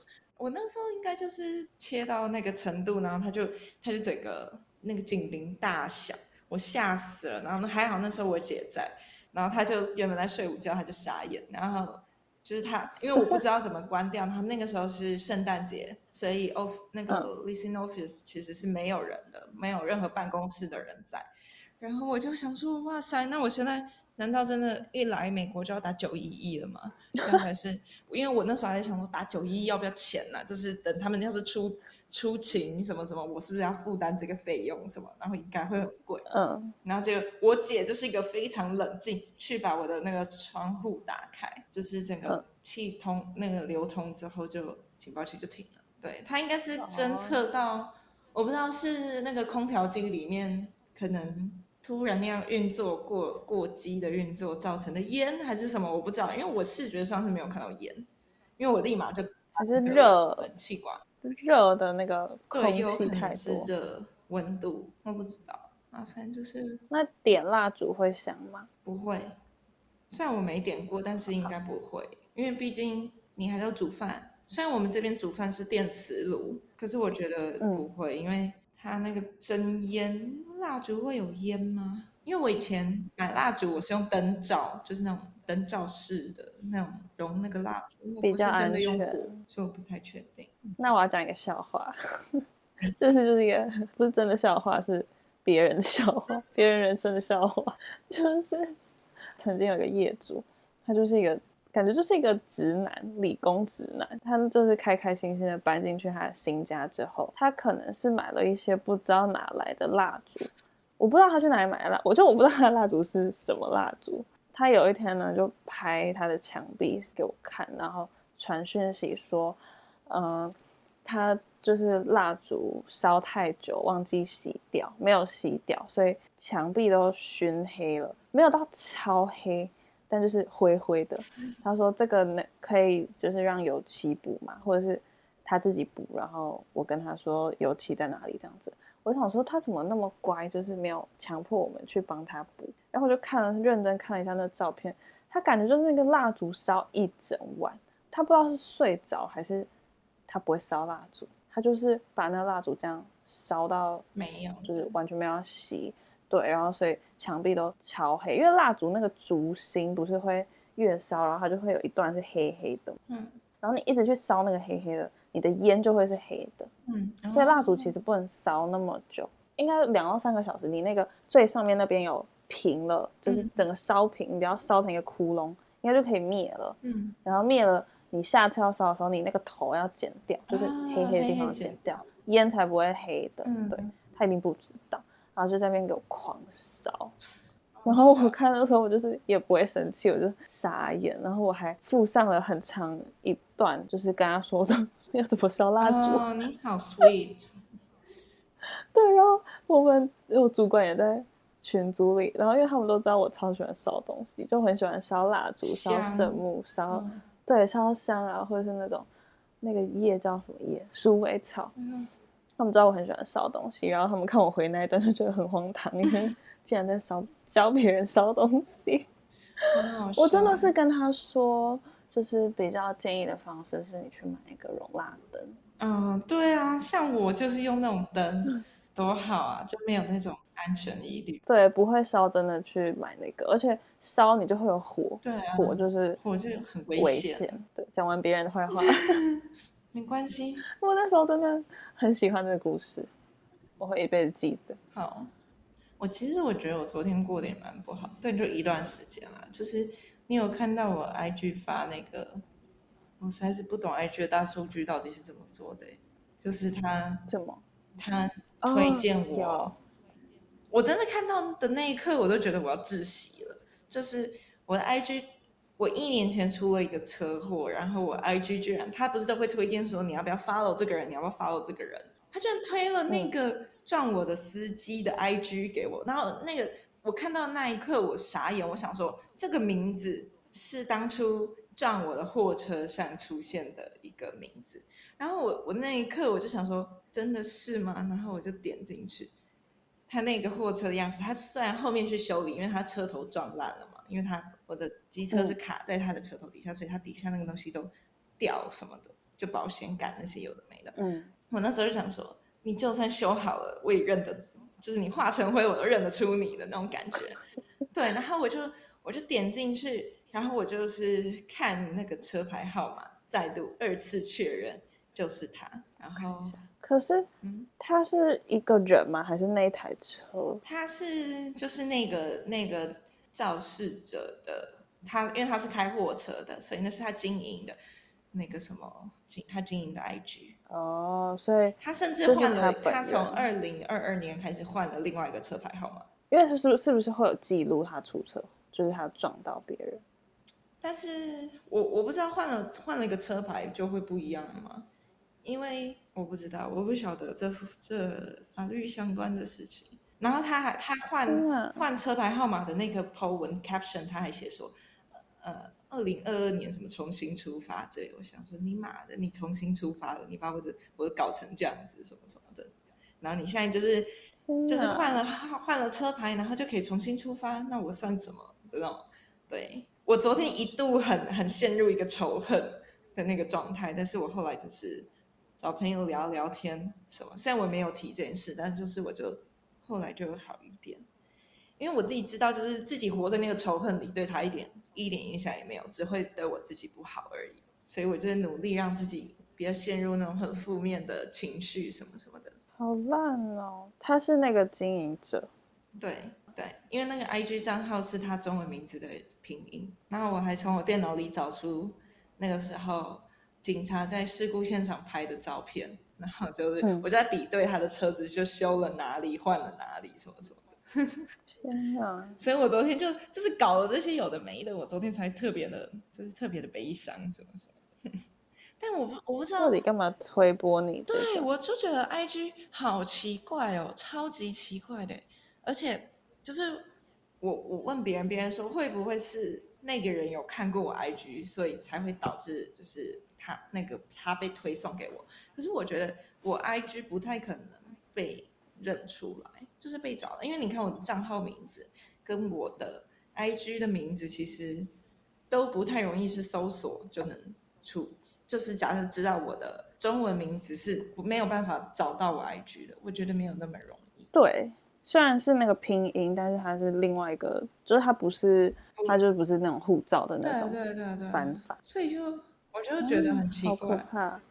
Speaker 2: 我那時候應該就是切到那個程度，然後他就他就整個那個警鈴大響，我嚇死了。然後還好那時候我姐在，然後他就原本在睡午覺，他就傻眼，然後。就是他，因為我不知道怎麼關掉。他那個時候是聖誕節，所以 off 那個 leasing office 其實是沒有人的，沒有任何辦公室的人在。然後我就想說，哇塞，那我現在難道真的一來美國就要打九一一了嗎？剛才是因為我那時候還在想說，打九一一要不要錢呢、啊？就是等他們要是出。出勤什麼什麼，我是不是要負擔這個費用什麼？然後應該會很貴。嗯，然後這個我姐就是一個非常冷靜，去把我的那個窗戶打開，就是整個氣通、嗯、那個流通之後就，就警報器就停了。對，她應該是偵測到，嗯、我不知道是那個空調機裡面可能突然那樣運作過過激的運作造成的煙還是什麼，我不知道，因為我視覺上是沒有看到煙，因為我立馬就還是熱氣管。
Speaker 1: 熱的那個空氣太多，還是熱
Speaker 2: 溫度我不知道。
Speaker 1: 啊，反正就是那點蠟燭會香
Speaker 2: 嗎？不會，雖然我沒點過，但是應該不會。好好，因為畢竟你還要煮飯。雖然我們這邊煮飯是電磁爐，嗯、可是我覺得不會，因為它那個真煙，蠟燭會有煙嗎？因為我以前買蠟燭，我是用燈罩，就是那種燈罩式的那種融那個蠟燭，我不是真的用火，
Speaker 1: 比較安全，所以我不太確定。那我要講一個笑話，這、就是就是一個不是真的笑話，是別人的笑話，別人人生的笑話。就是曾經有一個業主，他就是一個感覺就是一個直男，理工直男。他就是開開心心的搬進去他的新家之後，他可能是買了一些不知道哪來的蠟燭，我不知道他去哪裡買的蠟，我就我不知道他的蠟燭是什麼蠟燭。他有一天呢，就拍他的牆壁給我看，然後傳訊息說。嗯，他就是蠟燭燒太久，忘記洗掉，沒有洗掉，所以牆壁都燻黑了，沒有到超黑，但就是灰灰的。他說這個可以，就是讓油漆補嘛，或者是他自己補。然後我跟他說油漆在哪裡，這樣子。我想說他怎麼那麼乖，就是沒有強迫我們去幫他補。然後我就看了，認真看了一下那照片，他感覺就是那個蠟燭燒一整晚，他不知道是睡着還是。它不會燒蠟燭，它就是把那個蠟燭這樣燒到沒有，就是完全沒有要熄。對，然後所以牆壁都超黑，因為蠟燭那個燭芯不是會越燒，然後它就會有一段是黑黑的。嗯。然後你一直去燒那個黑黑的，你的煙就會是黑的。嗯。所以蠟燭其實不能燒那麼久，應該兩到三個小時。你那個最上面那邊有平了，就是整個燒平，你不要燒成一個窟窿，應該就可以滅了。嗯。然後滅了。你下次要燒的時候，你那個頭要剪掉，就是黑黑的地方剪掉，煙、哦、才不會黑的。嗯、對，他一定不知道。然後就在那邊給我狂燒，然後我看的時候，我就是也不會生氣，我就傻眼。然後我還附上了很長一段，就是跟他說的 (laughs) 要怎麼燒蠟燭。你、
Speaker 2: 哦、好，sweet。
Speaker 1: (laughs) 對，然後我們我主管也在群組裡，然後因為他們都知道我超喜歡燒東西，就很喜歡燒蠟燭、燒聖木、燒燒。嗯對，燒香啊，或者是那種那個葉叫什麼葉？鼠尾草。嗯、他們知道我很喜歡燒東西，然後他們看我回那一段，就覺得很荒唐，因為竟然在燒、嗯、教別人燒東西。啊、我真的是跟他說，就是比較建議的方式是你去買一個熔蠟燈。嗯，對啊，
Speaker 2: 像我就是用那種燈，多好啊，就沒有那種安全疑慮。
Speaker 1: 對，不會燒，真的去買那個，而且。燒你就會有火，對啊、火就是火就很危險。對，講完別人的壞話 (laughs) 沒關係。我那時候真的很喜歡這個故事，我會一輩子記得。好，我其實我
Speaker 2: 覺得我昨天過得也蠻不好，但就一段時間啦。就是你有看到我 IG 發那個，我實在是不懂 IG 的大數據到底是怎麼做的，欸，
Speaker 1: 就是他怎麼他推薦我，
Speaker 2: 哦，我真的看到的那一刻，我都覺得我要窒息。就是我的 IG，我一年前出了一個車禍，然後我 IG 居然，他不是都會推薦說你要不要 follow 這個人，你要不要 follow 這個人，他居然推了那個撞我的司機的 IG 給我，嗯、然後那個我看到那一刻我傻眼，我想說這個名字是當初撞我的貨車上出現的一個名字，然後我我那一刻我就想說真的是嗎？然後我就點進去。他那個貨車的樣子，他雖然後面去修理，因為他車頭撞爛了嘛，因為他我的機車是卡在他的車頭底下，嗯、所以他底下那個東西都掉什麼的，就保險桿那些有的沒的。
Speaker 1: 嗯，
Speaker 2: 我那時候就想說，你就算修好了，我也認得，就是你化成灰我都認得出你的那種感覺。 (laughs) 對，然後我就我就點進去，然後我就是看那個車牌號碼，再度二次確認就是他，然後。嗯
Speaker 1: 可是，他是一個人嗎？嗯、還是那一台車？
Speaker 2: 他是就是那個那個肇事者的，他因為他是開貨車的，所以那是他經營的，那個什麼，他經營的 IG 哦。
Speaker 1: 所以他甚至換了，他，他從二
Speaker 2: 零二二年開始換了另外一個車牌號碼，
Speaker 1: 因為他是不是不是會有記錄他出車，就是他撞到別人。
Speaker 2: 但是我我不知道換了換了一個車牌就會不一樣了嗎？因為我不知道，我不曉得這這法律相關的事情。然後他還他換換車牌號碼的那個 po 文 caption，他還寫說，呃，二零二二年什麼重新出發之類。這我想說，你媽的，你重新出發了，你把我的我的搞成這樣子，什麼什麼的。然後你現在就是就是換了換了車牌，然後就可以重新出發？那我算什麼？知道嗎？對，我昨天一度很很陷入一個仇恨的那個狀態，但是我後來就是。找朋友聊聊天什麼，雖然我沒有提這件事，但就是我就後來就會好一點，因為我自己知道，就是自己活在那個仇恨裡，對他一點一點影響也沒有，只會對我自己不好而已，所以我就是努力讓自己不要陷入那種很負面的情緒什麼什麼的。
Speaker 1: 好爛哦，他是那個經營者，
Speaker 2: 對對，因為那個 IG 賬號是他中文名字的拼音，然後我還從我電腦裡找出那個時候。警察在事故現場拍的照片，然後就是我在比對他的車子，就修了哪裡，換了哪裡，什麼什麼的。
Speaker 1: 天
Speaker 2: 啊，所以我昨天就就是搞了這些有的沒的，我昨天才特別的，就是特別的悲傷，什麼什麼。
Speaker 1: (laughs) 但我不，我不知道你干嘛推播你、這個。
Speaker 2: 對，我就覺得 IG 好奇怪哦，超級奇怪的。而且就是我我問別人，別人說會不會是那個人有看過我 IG，所以才會導致就是。他那個他被推送給我，可是我覺得我 I G 不太可能被認出來，就是被找。因為你看我的賬號名字跟我的 I G 的名字其實都不太容易是搜索就能出，就是假設知道我的中文名字是沒有辦法找到我 I G 的，我覺得沒有那麼容易。
Speaker 1: 對，雖然是那個拼音，但是它是另外一個，就是它不是它就不是那種護照的那種對、啊、
Speaker 2: 對、啊、對、啊、方法、啊啊，所以就。我就覺得很奇怪哈，嗯、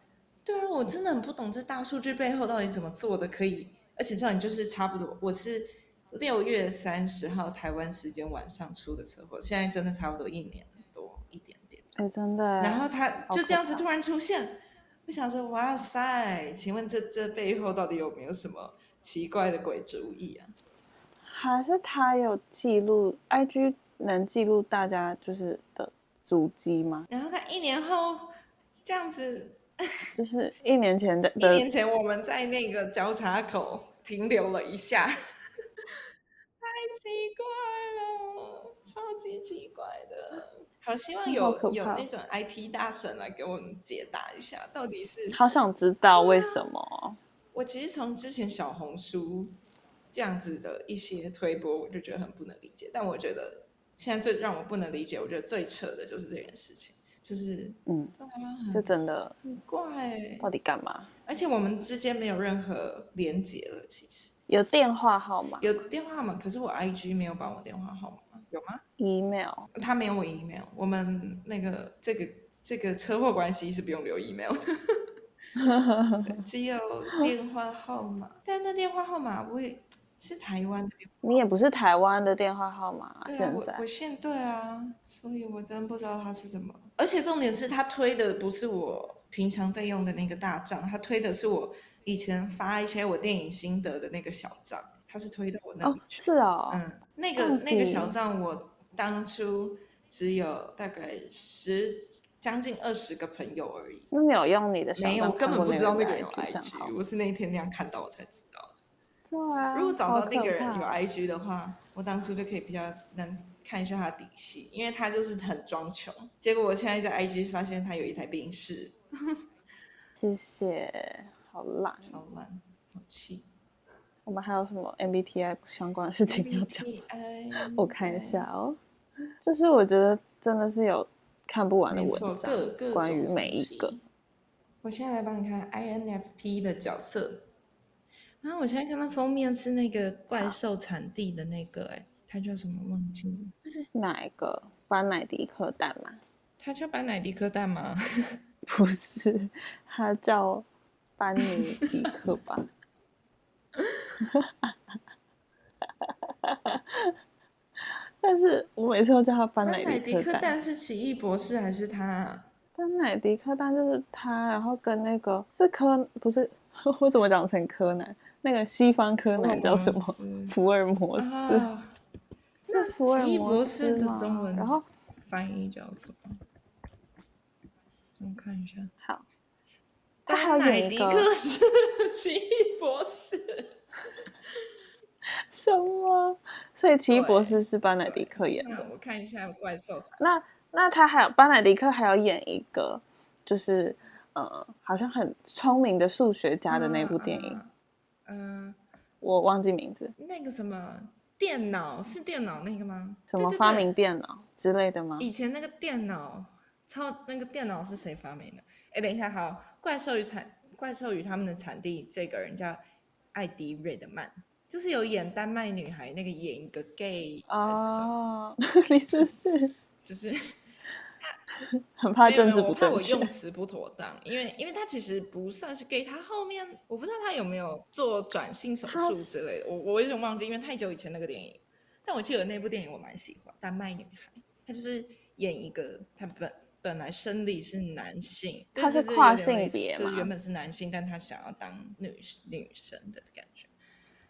Speaker 2: 對啊，我真的很不懂這大數據背後到底怎麼做的，可以，而且這樣你就是差不多，我是六月三十號台灣時間晚上出的車禍，現在真的差不多一年多一點
Speaker 1: 點，哎、欸，真的，然後他
Speaker 2: 就這樣子突然出現，我想說，哇塞，請問這這背後到底有沒有什麼奇怪的鬼主意啊？
Speaker 1: 還是他有記錄，IG 能記錄大家就是的。主機嗎？
Speaker 2: 然後他一年後這樣子，就
Speaker 1: 是一年前的。 (laughs) 一年前
Speaker 2: 我們在那個交叉口停留了一下， (laughs) 太奇怪了，超級奇怪的。好希望有有那種 IT 大神來給我們解答一下，到底
Speaker 1: 是。好想知道為什麼。啊、
Speaker 2: 我其實從之前小紅書這樣子的一些推播，我就覺得很不能理解。但我覺得。現在最讓我不能理解，我覺得最扯的就是這件事情，就是，
Speaker 1: 嗯，就真的很怪，欸，到底
Speaker 2: 幹嘛？而且我們之間沒有任何連接了，其實。有電
Speaker 1: 話號碼。
Speaker 2: 有電話號碼，可是我 IG 沒有綁我電話號碼，有嗎？Email，他沒有我 email，、嗯、我們那個這個這個車禍關係是不用留 email 的，
Speaker 1: (laughs) 只有電話號碼。 (laughs) 但那電話號碼不會是台灣的電話號碼，你也不是台灣的電話號碼、啊。對現在我，我
Speaker 2: 現對啊，所以我真不知道他是怎麼。
Speaker 1: 而且重點
Speaker 2: 是他推的不是我平常在用的那個大賬，他推的是我以前發一些我電影心得的那個小賬，他是推到我那
Speaker 1: 裡去。哦，是哦。嗯，那個底那個小
Speaker 2: 賬我當初只有大概十將近二十個朋友而
Speaker 1: 已。沒有用你的小，沒有，我根本不知道那個有 IG
Speaker 2: 我是那一天那樣看到我才知道。
Speaker 1: 哇如果找到那個人有
Speaker 2: I G 的話，我當初就可以比較能看一下他的底細，因為他就是很裝窮。結果我現在在 I G 發現他有一台賓士。
Speaker 1: 謝謝，好辣，超爛，好氣。我們還有什麼 M B T I 相關的事情要講？M BI, 我看一下哦，就是我覺得真的是有看不完的文章，各個關於每一個。
Speaker 2: 我現在來幫你看 I N F P 的角色。然、啊、我現在看到封面是那個怪獸產地的那個、欸，哎好，他叫什麼？忘記了，不是哪
Speaker 1: 一個班乃迪克蛋嗎他叫班乃迪克蛋嗎？不是，他叫班尼迪克吧？ (laughs) (laughs) 但是我每次都叫他班奈迪克蛋，
Speaker 2: 是奇異博士還是他？
Speaker 1: 班奈迪克蛋就是他，然後跟那個是柯，不是？我怎麼講成柯南？那個西方柯南叫什麼？福爾摩斯。是福爾摩斯的中文，然後翻譯叫什麼？我看一下。好。他還要演一個。
Speaker 2: 奇異博士。
Speaker 1: 什麼？所以奇異博士是班奈狄克演的？我
Speaker 2: 看一下怪獸。
Speaker 1: 那那他還有班奈狄克還要演一個，就是呃，好像很聰明的數學家的那部電影。啊嗯，呃、我忘記名字。
Speaker 2: 那個什麼電腦，是電腦那個嗎？什麼發
Speaker 1: 明電腦之類的嗎？對對對，以
Speaker 2: 前那個電腦超那個電腦是誰發明的？哎，等一下，好，怪獸與產，怪獸與他們的產地，這個人叫艾迪瑞德曼，就是有演丹麥女孩那個，演一個 gay
Speaker 1: 哦、oh，你是不是？就是。 (laughs) 很怕政治不正確，我怕我用
Speaker 2: 詞不妥當，因為因為他其實不算是 gay，他後面我不知道他有沒有做轉性手術之類的，他是我我有點忘記？因為太久以前那個電影，但我記得那部電影我蠻喜歡《丹麥女孩》，她就是演一個她本本來生理是男性，她是跨性別嘛，就就原本是男性，但她想要當女女生的感覺。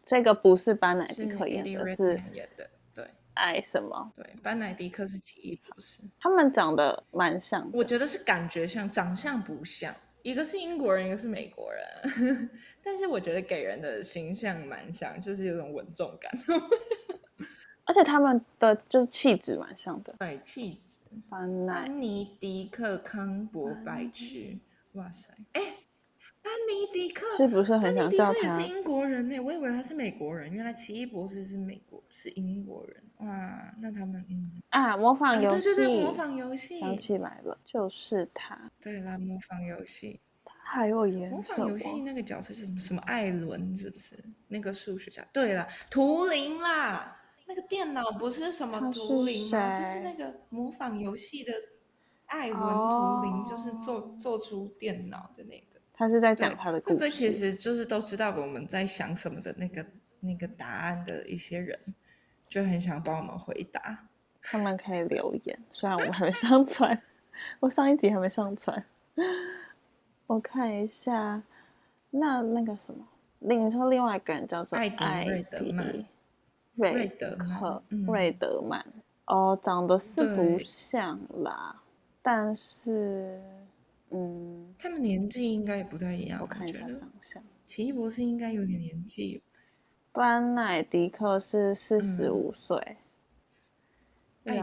Speaker 1: 這個不是班是可以演的是，
Speaker 2: 是愛什麼？對，班奈迪克奇是奇異博士，他們長得蠻像。我覺得是感覺像，長相不像，一個是英國人，一個是美國人。 (laughs) 但是我覺得給人的形象蠻像，就是有種穩重感。
Speaker 1: (laughs) 而且他們的就是氣質蠻像的，
Speaker 2: 對，氣質。
Speaker 1: 班尼迪，迪克·康伯白曲，
Speaker 2: 哇塞，哎。班尼迪克是不是很想知道他是英國人呢？欸，我以為他是美國人，原來奇異博士是美國，是英國人哇。那他們，
Speaker 1: 嗯、啊，模仿遊戲，哎、對對對，模仿遊戲，想起來了，就是他。對了，模仿
Speaker 2: 遊戲，他還有演，模仿遊戲那個角色是什麼？什麼艾倫是不是那個數學家？對了，圖靈啦，那個電腦不是什麼圖靈嗎？是就是那個模仿遊戲的艾倫圖靈，oh. 就是做做出電腦的那個。他是在講他的故事，會不會其實就是都知道我們在想什麼的那個那個答案的一些人，就很想幫我們回答。
Speaker 1: 他們可以留言，雖然我們還沒上傳， (laughs) 我上一集還沒上傳。我看一下，那那個什麼，另說另外一個人叫做艾迪瑞德曼，瑞德克瑞德曼，哦，長得是不像啦，對但是。
Speaker 2: 嗯，他們年紀應該也不太一樣。我看一下長相，奇異博士應該有點年紀，
Speaker 1: 班奈狄克是四十五歲，應該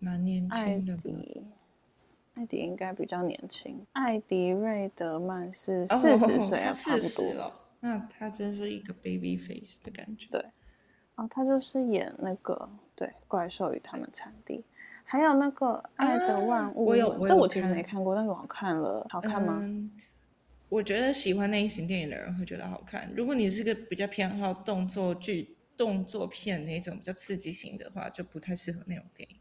Speaker 1: 蠻年輕的艾。艾迪，應該比較年輕。艾迪瑞德曼是40歲，啊，哦哦哦，四十歲，差不多了。那他真
Speaker 2: 是一個 baby face 的感覺。對，
Speaker 1: 哦，啊，他就是演那個，對，怪獸與他們產地。還有那個《愛的萬物》，啊、我有，我，有這我其實沒看過，但是我
Speaker 2: 看了，好看嗎？嗯，我覺得喜歡那一型電影的人會覺得好看。如果你是個比較偏好動作劇、動作片那種比較刺激型的話，就不太適合那種電影。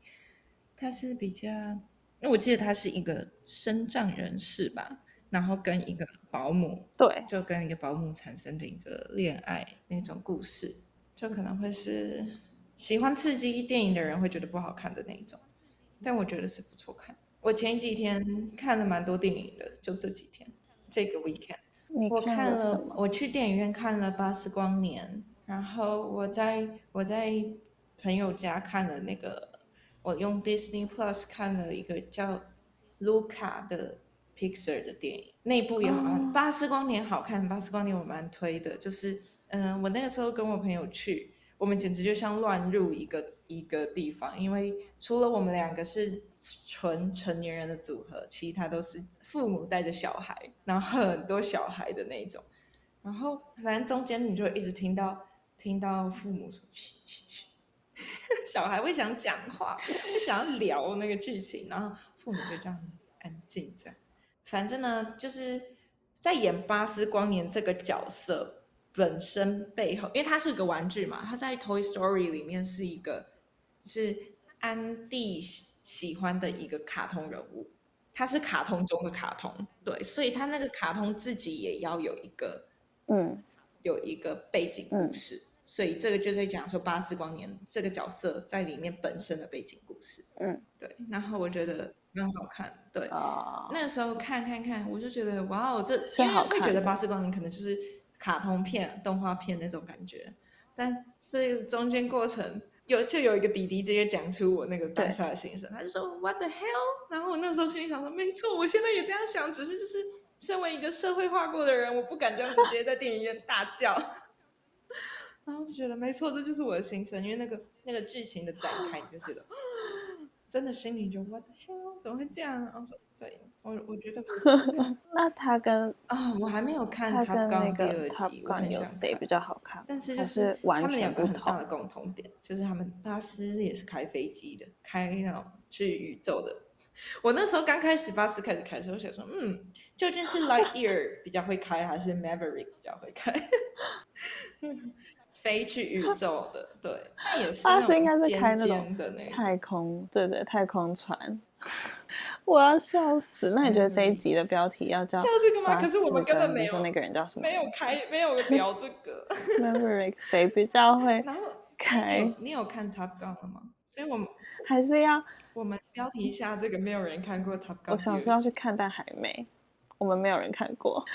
Speaker 2: 它是比較，因為我記得他是一個身障人士吧，然後跟一個保姆對，就跟一個保姆產生的一個戀愛那種故事，就可能會是喜歡刺激電影的人會覺得不好看的那一種。但我覺得是不錯看。我前幾天看了蠻多電影的，嗯、就這幾天，這個 weekend，你看
Speaker 1: 了什麼？我看了，
Speaker 2: 我去電影院看了《巴斯光年》，然後我在我在朋友家看了那個，我用 Disney Plus 看了一個叫《盧卡》的 Pixar 的電影，那部也好看、oh. 光年好看。《巴斯光年》好看，《巴斯光年》我蠻推的，就是嗯、呃，我那個時候跟我朋友去，我們簡直就像亂入一個。一個地方，因為除了我們兩個是純成年人的組合，其他都是父母帶着小孩，然後很多小孩的那種。然後反正中間你就一直聽到聽到父母說嘶嘶嘶，小孩會想講話，會想要聊那個劇情，然後父母就這樣安靜。這樣，反正呢，就是在演巴斯光年這個角色本身背後，因為它是個玩具嘛，它在 Toy Story 裡面是一個。是安迪喜歡的一個卡通人物，他是卡通中的卡通，對，所以他那個卡通自己也要有一個，
Speaker 1: 嗯，
Speaker 2: 有一個背景故事，嗯、所以這個就是講說《巴斯光年》這個角色在裡面本身的背景故事，嗯，對。然後我覺得很好看，對，哦、那時候看看看，我就覺得哇哦，這因為會覺得《巴斯光年》可能就是卡通片、動畫片那種感覺，但這個中間過程。有就有一個弟弟直接講出我那個當時的心聲，對他就說 "What the hell"，然後我那時候心裡想說，沒錯，我現在也這樣想，只是就是身為一個社會化過的人，我不敢這樣子直接在電影院大叫， (laughs) 然後我就覺得沒錯，這就是我的心聲，因為那個那個劇情的展開，你就覺得 (laughs) 真的心裡就 "What the hell"。怎
Speaker 1: 麼會這樣啊？我說對，我我覺得 (laughs) 那他跟啊、哦，我還沒有看他剛第二集，PL C, 我很想。
Speaker 2: 誰比較好看？但是就是玩，是他們兩個很大的共同點，就是他們巴斯也是開飛機的，開那種去宇宙的。我那時候剛開始巴斯開始開的時候，我想說，嗯，究竟是 Lightyear 比較會開還是 Maverick 比較會開？ (laughs)
Speaker 1: 是會
Speaker 2: 開 (laughs) 飛去宇宙的，對，也是那，尖尖那 (laughs) 巴斯應該是開那種的那太
Speaker 1: 空，對對，太空船。 (laughs) 我要笑死！那你覺得這一集的標題要叫，個、嗯、叫這個嗎？可是我們根本沒有說那個人叫什麼， (laughs) 沒
Speaker 2: 有開，沒有聊這
Speaker 1: 個。maverick (laughs) 誰比較會開？開，你有看 Top Gun 的嗎？所以我們還是要我們標題一下這個
Speaker 2: 沒有人看過 Top Gun，我想說要
Speaker 1: 去看，嗯、但還沒。我們沒有人看過，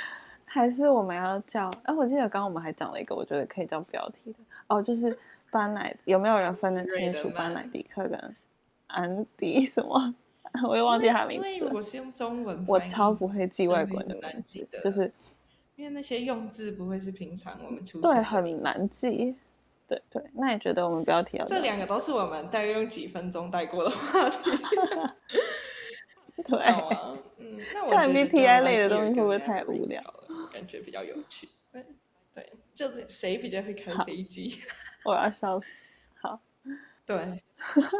Speaker 1: 還是我們要叫？哎、呃，我記得剛剛我們還講了一個，我覺得可以叫標題的哦，就是班奈有沒有人分得清楚班奈迪克跟安迪什麼？ (laughs) 我又忘記他名字，因為我
Speaker 2: 是用中文。我超不
Speaker 1: 會記外國的名字，是
Speaker 2: 就是因為那些用字不會是平常我們
Speaker 1: 出現的。對，很難記。對對，那你覺得我們標題要兩？這兩個
Speaker 2: 都是我們大概用幾分鐘帶過的
Speaker 1: 話題。 (laughs) 對、啊、嗯，那我覺得 MBTI 類的東西會不會太無聊了？
Speaker 2: 感覺比較有趣。對對，就是
Speaker 1: 誰比較會開飛機？我要笑死。好，對。 (laughs)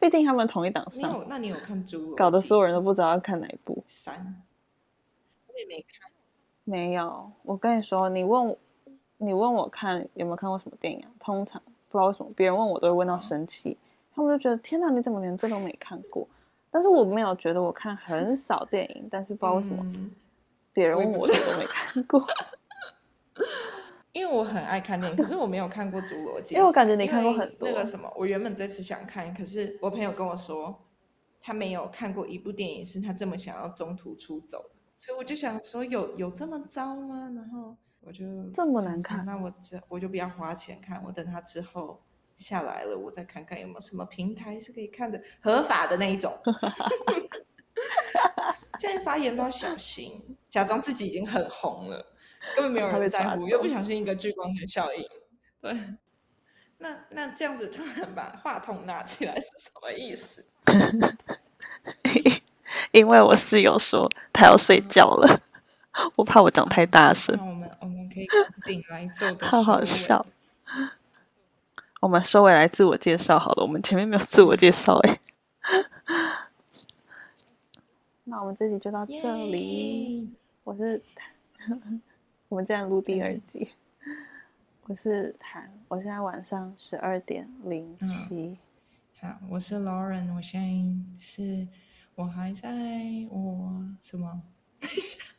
Speaker 1: 畢竟他們同一檔上，那你有看《豬》？搞得所有人都不知道要看哪一部。三，
Speaker 2: 我也沒
Speaker 1: 看。沒有，我跟你說，你問，你問我看有沒有看過什麼電影、啊、通常不知道為什麼別人問我，都會問到生氣。哦、他們就覺得天哪，你怎麼連這都沒看過？但是我沒有覺得我看很少電影， (laughs) 但是不知道為什麼別人問我，我都沒
Speaker 2: 看過。嗯 (laughs) 因為我很愛看電影，可是我沒有看過《侏羅紀》。因為我感覺你看過很多那個什麼，我原本這次想看，可是我朋友跟我說，他沒有看過一部電影是他這麼想要中途出走，
Speaker 1: 所以我就想說有，有有這麼
Speaker 2: 糟嗎？然
Speaker 1: 後我就這麼難看，那
Speaker 2: 我這我就不要花錢看，我等他之後下來了，我再看看有沒有什麼平台是可以看的合法的那一種。 (laughs) 現在發言都要小心，假裝自己已經很紅了。根本沒有人在乎，我又不小心一個聚光燈效應。對，那那這樣子突然把話筒拿起來是什麼意思？
Speaker 1: (laughs) 因為我室友說他要睡覺了，我怕我講太大聲。那我們
Speaker 2: 我們可
Speaker 1: 以進來坐。好好笑。我們收回來自我介紹好了，我們前面沒有自我介紹哎、欸。那我們這集就到這裡。Yay! 我是。 (laughs) 我們這樣錄第二集。Okay. 我是譚，我現在晚上十二點零七、嗯。好，我是 Lauren，我現在是，我還在我什麼？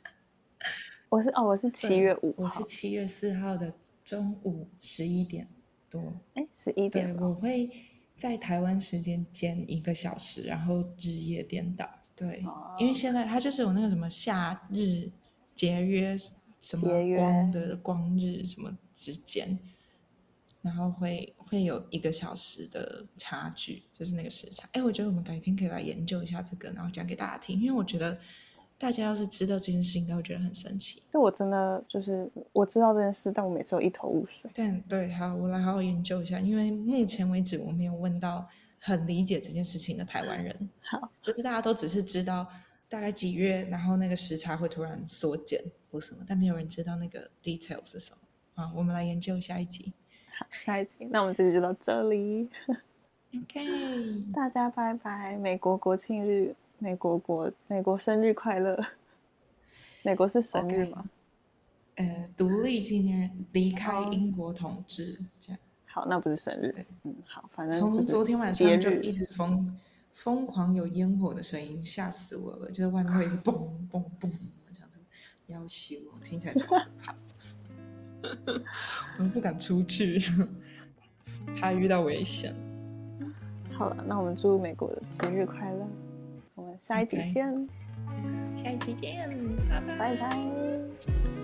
Speaker 1: (laughs) 我是哦，我是七月五號，我是七月四號的中午十一點多。哎，十一點多。我會在台灣時
Speaker 2: 間間一個小時，然後日夜顛倒。對，oh. 因為現在它就是有那個什麼夏日節約。什麼光的光日什麼之間，緣然後會會有一個小時的差距，就是那個時差。哎，我覺得我們改天可以來研究一下這個，然後講給大家聽。因為我覺得大家要是知道這件事情，應該會覺得很神奇。
Speaker 1: 對我真的就是我知道這件事，但我每次都一頭霧水。
Speaker 2: 但對,對，好，我來好好研究一下，因為目前為止我沒有問到很理解這件事情的台灣人。好，就是大家都只是知道大概幾月，然後那個時差會突然縮減。或什麼，但沒有人知道那個 detail 是什麼啊！我們來研究
Speaker 1: 下一集。好，下一集。那我們這集就到這裡。 (laughs) OK，大家拜拜！美國國慶日，美國國，美國生日快樂！美國是生日嗎？Okay.
Speaker 2: 呃，獨立紀念日，離開英國統治。Oh. 這
Speaker 1: 樣，好，那不是生日。對嗯，
Speaker 2: 好，反正從昨天晚上就一直瘋瘋狂，有煙火的聲音，嚇死我了！就是外面會一直嘣嘣嘣。 (laughs) 要挾我，我聽起來就可怕， (laughs) (laughs) 我們不敢出去，怕遇到危險。
Speaker 1: 好了，那我們祝美國的節日快樂，我們下一集見，Bye.
Speaker 2: 下一集見，
Speaker 1: 拜拜。